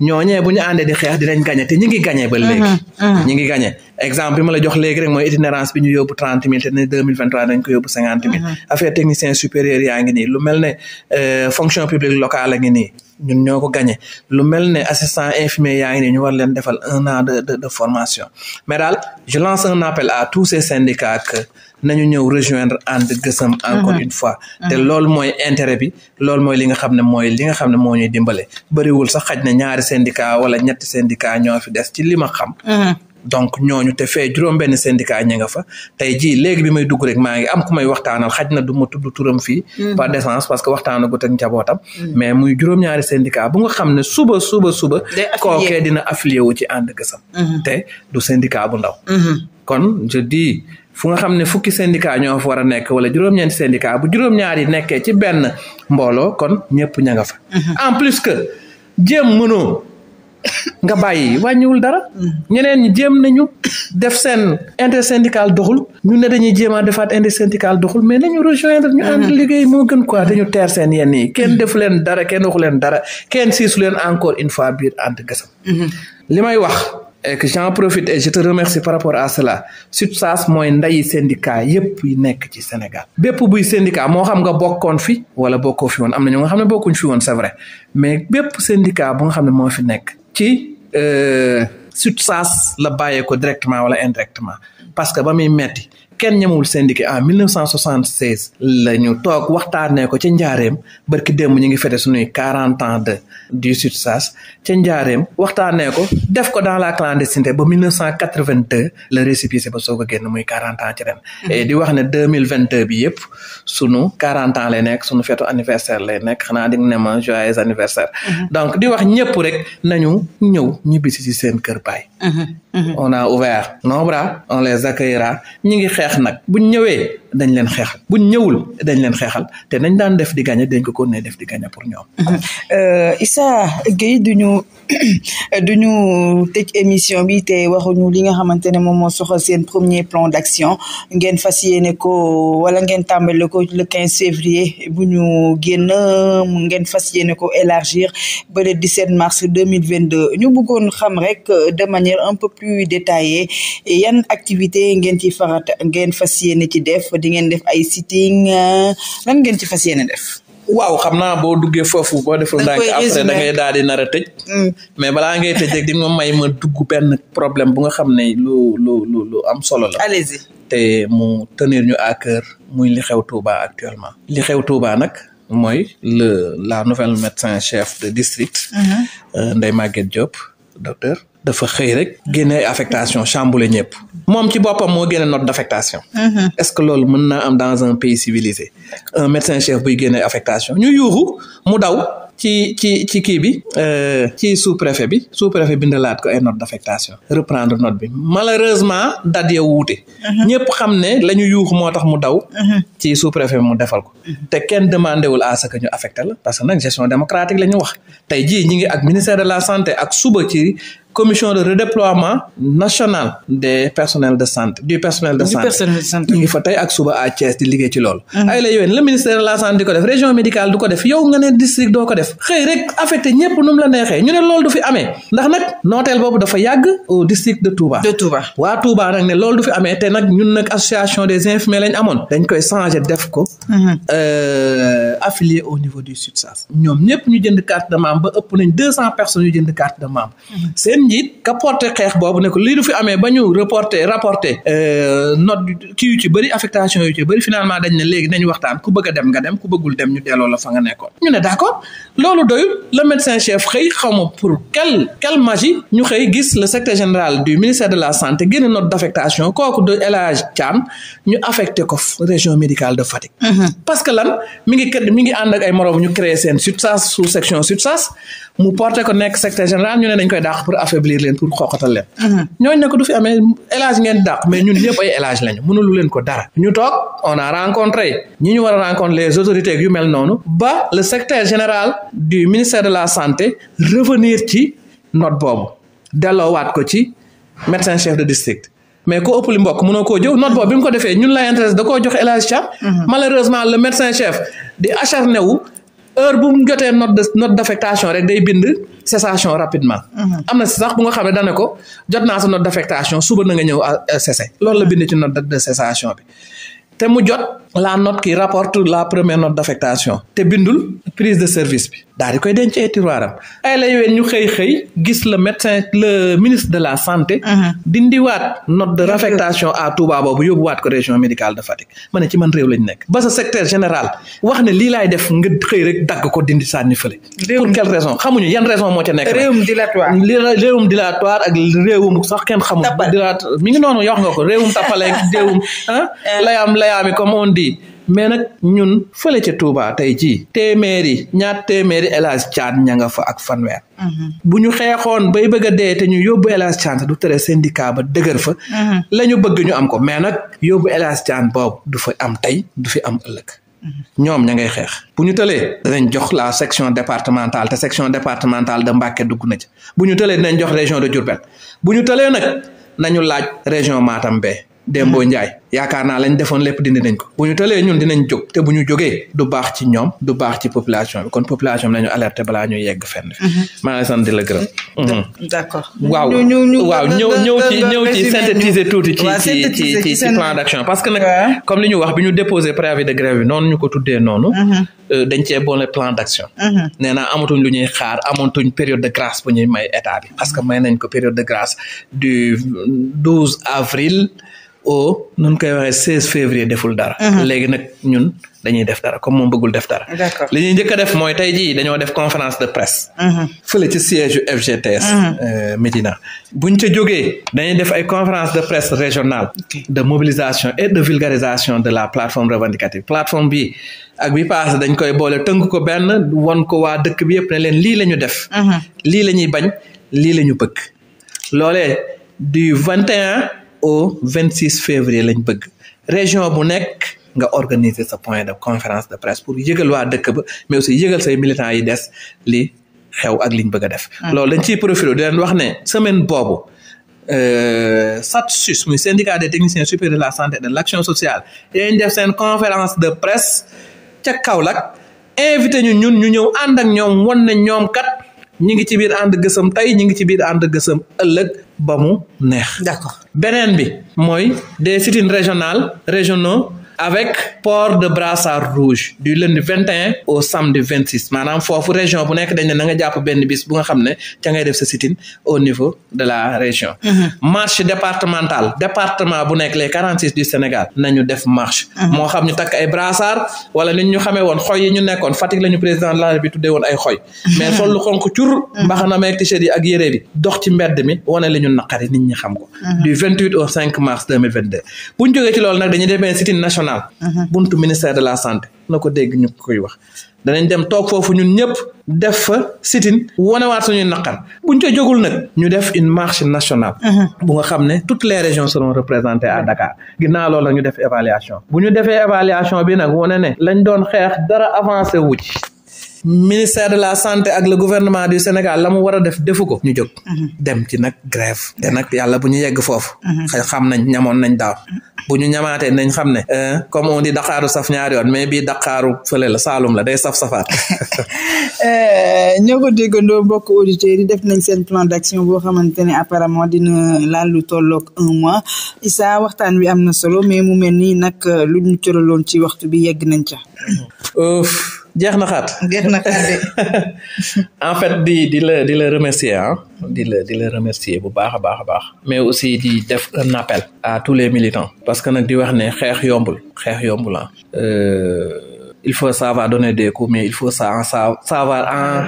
Speaker 2: ñoo ñooñee bu ñu andee di xeex dinañ gañe te ñi ngi gañe ba léegi mhm, mhm. ñi ngi gañe exemple bi ma la jox léegi rek mooy itinérance bi ñu yóbbu trente mille te ne deux mille vingt trois dañ ko yóbbu cinquante mille mhm. affaire technicien supérieur yaa ngi nii lu mel ne euh, fonction publique locale a ngi nii ñun ñoo ko gagné lu mel ne assistant infirmier yaa ngi ñu war leen defal un an de de formation mais daal je lance un appel à tous ces syndicats que nañu ñëw rejoindre And Gueusseum encore mhm. une fois mhm. te loolu mooy intérêt bi loolu mooy li nga xam ne mooy li nga xam ne moo ñuy dimbale bëriwul sax xaj ne ñaari syndicat wala ñetti syndicat ñoo fi des ci lima xam mhm. donc ñooñu te fee juróom-benn syndicat ña nga fa tey jii léegi bi may dugg rek maa ngi am ku may waxtaanal xaj na du ma tudd turam fii. Mm. par décence parce que waxtaanagut ak njabootam. Mm. mais muy juróom-ñaari syndicat bu nga xam ne suba suba suba. day dina affilié wu ci ànd gësam. Mm-hmm. te du syndicat bu ndaw. Mm-hmm. kon je dis fu nga xam ne fukki syndicat ñoo fa war a nekk wala juróom-ñeenti syndicat bu juróom-ñaar nekkee ci benn mbooloo kon ñëpp ña nga fa. Mm-hmm. en plus que jéem mënoo. nga bàyyi wàññiwul dara. ñeneen ñi jéem nañu def seen intersyndical doxul ñu ne dañuy jéem a defaat intersyndical doxul mais nañu rejoindre ñu ànd mhm. liggéey moo gën quoi dañu teer seen yenn yi defu leen dara kenn waxu leen dara kenn siisu encore une fois biir ànd gasam. Mhm. li may wax. et que j'en profite et par rapport à cela SUTSAS mooy ndayi syndicat yépp yi nekk ci Sénégal bépp buy syndicat moo xam nga bokkoon fi wala bokkoo fi woon am na ñu nga xam ne bokkuñ fi woon c'est vrai mais bépp syndicat bu nga xam ne moo fi nekk ci euh, SUTSAS la bàyyee ko directement wala indirectement parce que ba muy metti kenn ñemewul syndiqué en 1976 la ñu toog waxtaanee ko ci njaareem barki démb ñu ngi fete suñuy 40 ans de. du SUTSAS ca njaareem waxtaanee ko def ko dans la clandestinité ba 1982 le récépissé ba soog a génn muy 40 ans ci ren. Mhm. et di wax ne bi yëpp sunu 40 ans lay nekk sunu feetu anniversaire lay nekk xanaa di ne ma joyeux anniversaire. Mhm. donc di wax ñëpp rek nañu ñëw ñibbisi ci seen kër baay.
Speaker 1: Mhm.
Speaker 2: on a ouvert nos bras les accueillera ñi ngi xeex nag buñ dañ leen xeexal buñ ñëwul dañ leen xeexal te nañ daan def di gagné dañ ko kon ne def di gagné pour ñoom. Mhm.
Speaker 1: Euh, Issa Gueye duñu (coughs) duñu tëj émission bi te waxuñu li nga xamante ne moom moo soxal seen premier plan d'action ngeen fas yéene ko wala ngeen ko le quinze février bu ñu génn ngeen fas yéene ko élargir ba le 17 mars 2022 ñu bëggoon xam rek de manière un peu plus détaillée yan activité ngeen ci farat ngeen fas yéene ci def. di ngeen def ay sitting ah, lan ngeen ci fas yéene def.
Speaker 2: waaw xam naa boo duggee foofu boo deful ndànk après da ngay daal di nar mm. mais balaa ngay tëj rek di nga may ma dugg benn problème bu nga xam ne lu lu lu lu am solo la allez-y te mu tenir ñu à cœur muy li xew Touba actuellement li xew Touba nag mooy le la nouvelle médecin chef de district mm-hmm. euh, Ndeye Maguette Diop docteur dafa xëy rek génne affectation chamboulé ñëpp moom ci boppam moo génne note d' affectation. Mhm. est-ce que loolu mën naa am dans un pays civilisé un médecin chef buy génne affectation ñu yuuxu mu daw ci ci ci kii bi. Euh, ci sous préfet bi sous préfet bindalaat ko ay note d' affectation reprendre note bi malheureusement date ya wuute. Mhm. ñëpp xam ne la ñu yuuxu moo tax mu daw. Mhm. ci sous préfet bi mu defal ko. te kenn demandé wul à que ñu affecté la parce que nag gestion démocratique ak ministère de commission de redéploiement national des personnels de santé du personnel de santé ñu ngi fa tey ak suba à Thiès di liggéey ci loolu mm-hmm. ay la yowén le ministère de la santé di ko def région médicale du ko def yow nga ne district doo ko def xëy rek affecté ñëpp nu mu la neexee ñu ne loolu du fi amee ndax nag nooteel boobu dafa yàgg au district de Touba waa Touba nag ne loolu du fi amee te nag ñun nag association des infirmiers lañ amoon dañ koy changer def ko mm-hmm. euh, affilié au niveau du SUTSAS ñoom ñëpp ñu jënd carte de membre ba ëpp nañ deux cent personnes yu jënd seen njiit ka porté xeex boobu ne ko fi amee ba ñu reporté rapporté euh, note affectation yu ci bëri finalement dañ ne léegi nañ waxtaan ku bëgg a dem nga dem ku bëggul dem ñu delloo la fa nga nekkoon ñu ne d'accord loolu doyul le médecin chef xëy xaw pour quelle quelle magie ñu xëy gis le secrétaire général du ministère de la santé génne note d'affectation kooku de El Hadj ñu affecté ko région médicale de Fatick mm-hmm. parce que lan mi ngi kat mi ngi ànd ak ay moroom ñu créé seen affaiblir leen pour xooqatal leen mhm. ñooñu ne ko du fi amee élage ngeen dàq mais ñun ñëpp ay élage lañu mënulu leen ko dara ñu toog on a rencontré ñi ñu war a rencontré les autorités yu mel noonu ba le secrétaire général du ministère de la santé revenir ci note boobu waat ko ci médecin chef de district mais ko ëpp li mbokk mënoo koo jëw note boobu bi mu ko defee ñun la intéresse da koo jox élage Thiam mhm. malheureusement le médecin chef di acharné wu heure bu mu jotee note de note d'affectation rek day bind cessation rapidement. Mhm. am na sax bu nga xam ne ko jot naa sa note d'affectation suba na nga ñëw a euh, cessé loolu la bind ci note de cessation bi. te mu jot la note qui rapporte la première note d'affectation te bindul prise de service bi daal di koy denc ay tiroiram ay la yoween ñu xëy xëy gis le médecin le ministre de la santé uh-huh. waat note de raffectation à Touba boobu waat ko région médicale de Fatick ma ci man réew lañ nekk ba sa secteur général wax ne lii laay def nga xëy rek dagg ko dindi sànni fële pour quelle raison xamuñu yan raison moo ca nekk réewum dilatoire réewum dilatoire ak réewum sax kenn xamul dilatoire mi ngi noonu wax nga ko (laughs) Miami comme on di mais nag ñun fële ca Touba tey ci téeméeri ñaar téeméeri El Hadj Thiat ña nga fa ak fanweer. Mhm. bu ñu xeexoon bay bëgg a dee te ñu yóbbu El Hadj du tere syndicat ba dëgër fa. Mhm. la ñu bëgg ñu am ko mais nag yóbbu El Hadj Thiat du fa am tey du fi am ëllëg. Mhm. ñoom ña ngay xeex bu ñu tëlee danañ jox la section départementale te section départementale de Mbacké dugg na ci bu ñu tëlee dinañ jox région de Diourbel bu ñu tëlee nag nañu laaj région Matam Dembo Ndiaye yaakaar naa lañ defoon lépp dindi nañ ko bu ñu tëlee ñun dinañ jóg te bu ñu jógee du baax ci ñoom du baax ci population kon population bi ñu wax bi ñu déposé préavis de grève bi noonu ñu ko tuddee noonu. Mhm. Euh, dañ boole plan d'action. Mhm. nee naa amatuñ lu ñuy xaar amatuñ période de grâce bu ñuy may état parce que may nañ ko période de grâce du avril. au nun koy waxee seize février deful dara. Mhm. léegi nag ñun dañuy def dara comme moom bëggul def dara. li ñuy njëkk a def mooy tey jii dañoo def conférence de presse. Mhm. fële ci siège yu FGTS. Mhm. Euh, Médina buñ ca jógee. dañuy def ay conférence de presse régionale. de mobilisation et de vulgarisation de la plateforme revendicative plateforme bi ak bi passé dañ koy boole tënk ko benn won ko waa dëkk bi yëpp ne leen lii la ñu def. lii la ñuy bañ lii la ñu bëgg. loolee du 21. au vingt six février lañ bëgg région bu nekk nga organiser sa point de conférence de presse pour yëgal waa dëkk ba mais aussi yëgal say militants yi des li xew ak liñ bëgg a def. Mm. loolu dañ ciy profité di wax ne semaine boobu euh, SATSUS muy syndicat des techniciens supérieurs de la santé de l' action sociale dañ def seen conférence de presse ca Kaolack invité ñu ñun ñu ñëw ànd ak ñoom won ne ñoom kat ñi ngi ci biir ànd gësëm tey ñi ngi ci biir ànd gësëm ëllëg. ba mu neex. d'accord beneen bi mooy des sit-in régional régionaux. avec port de brassard rouge du lundi 21 au samedi 26 maanaam foofu région bu nekk dañ ne na nga jàpp benn bis bu nga xam ne ca ngay def sa sit au niveau de la région. Mhm. marche départementale département bu nekk les 46 du Sénégal nañu def marche. Mhm. moo xam ñu takk ay brassard wala nit ñu woon xoy yi ñu nekkoon Fatick la ñu président de la République tuddee woon ay xoy. Mhm. mais sol lu xonk mbaxana meeg t-shirt ak yére bi dox ci mbedd mi wane li ñi xam ko. du ci loolu nag dañuy national. buntu ministère de la santé na ko dégg ñu koy wax. danañ dem toog foofu ñun ñëpp def fa sitin wonewaat suñuy naqar buñ ca jógul nag ñu def une marche nationale mhm. bu nga xam ne toutes les régions seront représentées à a ginnaaw loolu la ñu def évaluation bu ñu defee évaluation bi nag wane ne lañ doon xeex dara avancé wu ministère de la santé ak le gouvernement du Sénégal la mu war a def defu ko ñu jóg dem ci nag grève te nag yàlla bu ñu yegg foofu mhm. xam nañ ñamoon nañ daaw mhm. bu ñu ñamaatee nañ xam ne euh, comme on dit Dakaaru saf ñaari yoon mais bi Dakaaru fële la Saalum la day saf safaat
Speaker 1: (laughs) euh, ñoo ko déggandoo mbokk auditeurs yi def nañ seen plan d'action boo xamante ne apparemment dina laal lu tolloog un mois Issa waxtaan wi am na solo mais mu mel nii nag euh, lu ñu cëraloon ci waxtu bi yegg
Speaker 2: nañ ca jeex na xaat jeex na (laughs) en fait di di la di la remercier ah di la di la remercier bu baax a baax a baax. mais aussi di def un appel. à tous les militants. parce que nag di wax ne xeex yombul xeex yombul ah. il faut savoir donner des coups mais il faut ça en savoir en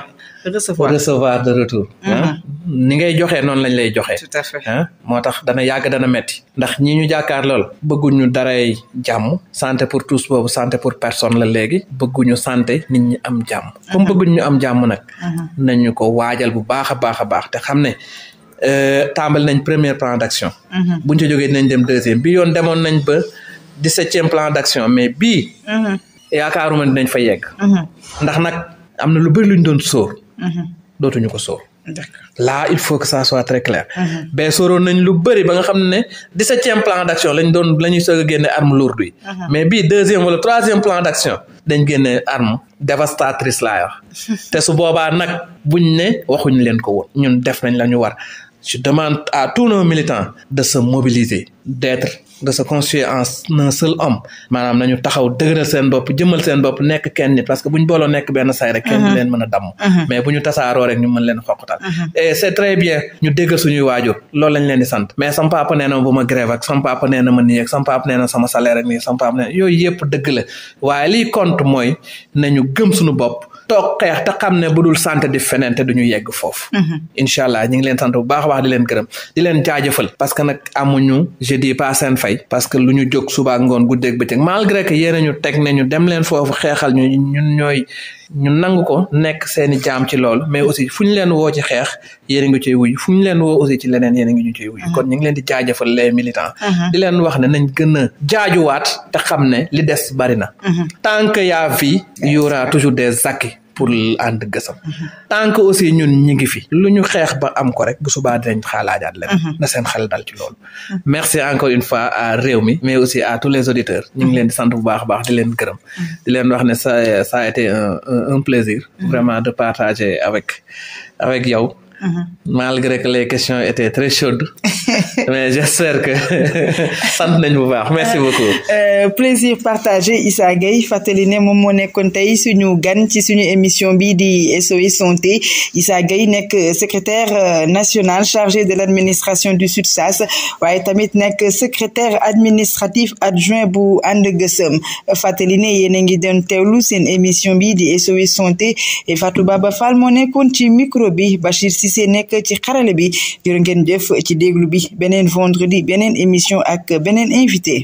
Speaker 2: recevoir recevoir de retour. Mm-hmm. Ah? ni ngay joxee noonu lañ lay joxe tout à ah? moo tax dana yàgg dana metti ndax ñi ñu jàkkaar lool bëgguñu daray jàmm santé pour tous boobu santé pour personne la léegi bëgguñu santé nit ñi am jàmm. comme mm-hmm. bëgguñu ñu am jàmm nag.
Speaker 1: Mm-hmm.
Speaker 2: nañu ko waajal bu baax a baax a baax te xam ne. Euh, tàmbali nañ première plan d'action. buñ ci jógee dinañ dem deuxième bi yoon demoon nañ ba dix-septième plan d'action mais bii. yaakaaruma nañ fa yegg. ndax nag am na lu bëri luñ doon sóor. Mm-hmm. dootuñu ko sóor. là il faut que ça soit très clair. mais mm-hmm. soro nañ lu bëri ba nga xam ne dix-septième plan d' action lañ doon la ñuy soog génne arme lourde mm-hmm. mais bii deuxième wala troisième plan d' action dañ génne arme dévastatrice laay wax. (laughs) te su boobaa nag buñ ne waxuñ leen ko woon ñun def nañ la ñu war Je demande à tout nos militants de se mobiliser, d'être de se construire en un seul homme maanaam nañu taxaw dëgëral seen bopp jëmal seen bopp nekk kenn nit parce que bu ñu booloo nekk benn saay rek kenn uh-huh. leen mën a damm uh-huh. mais bu ñu tasaaroo rek ñu mën leen xoqatal uh-huh. et c'est très bien ñu déggal suñuy waajur loolu lañ leen di sant mais sama papa nee na ma bu ma grève ak sama a nee na ma sama papa nii sama papa yooyu yëpp dëgg la waaye liy compte mooy nañu gëm suñu bopp toog xeex ta xam ne bu dul santé di feneen te duñu yegg foofu mhm. incha allah ñu ngi leen sant bu baax a baax di leen gërëm di leen jaajëfal parce que nag amuñu je dis pas seen fay parce que lu ñu jóg suba ngoon guddeeg bëccëg malgré que yéen ñu teg ne ñu dem leen foofu xeexal ñu ñun ñooy ñu nangu ko nekk seeni jaam ci lool mais aussi fu ñu leen woo ci xeex yéen a ngi ciy fu ñu leen woo aussi ci leneen yéen a ngi ñu ciy wuyu kon ñu ngi leen di jaajëfal les militants mhm. di leen wax ne nañ gën a jaajuwaat te xam ne li des bari na mhm. tant que y a vie toujours des acquis pour ànd gësam mhm. tant que aussi ñun ñi ngi fi lu ñu xeex ba am ko rek bu subaa dinañ xaalaajaat leen mhm. na seen xel dal ci loolu mhm. merci encore une fois à réew mi mais aussi à tous les auditeurs ñu ngi leen di sant bu baax baax di leen gërëm di leen wax ne ça ça a été un un plaisir vraiment de partager avec avec yow Mm-hmm. malgré que les questions étaient très chaudes (laughs) mais j'espère que (laughs) sant nañ bu baax merci beaucoup euh,
Speaker 1: euh, plaisir partagé Issa Gueye fàttali ne moom moo nekkoon tey suñu gan ci suñu émission bi di SOS santé Issa Gueye nekk secrétaire euh, national chargé de l'administration du SUTSAS waaye tamit nekk secrétaire administratif adjoint bu And Gueusseum fàttali ne yéen a ngi doon seen émission bi di SOS santé et Fatou Baba Fall moo nekkoon Bachir Cissé Cissé nekk ci xarale bi jërë ngeen jëf ci déglu bi beneen vendredi beneen émission ak beneen invité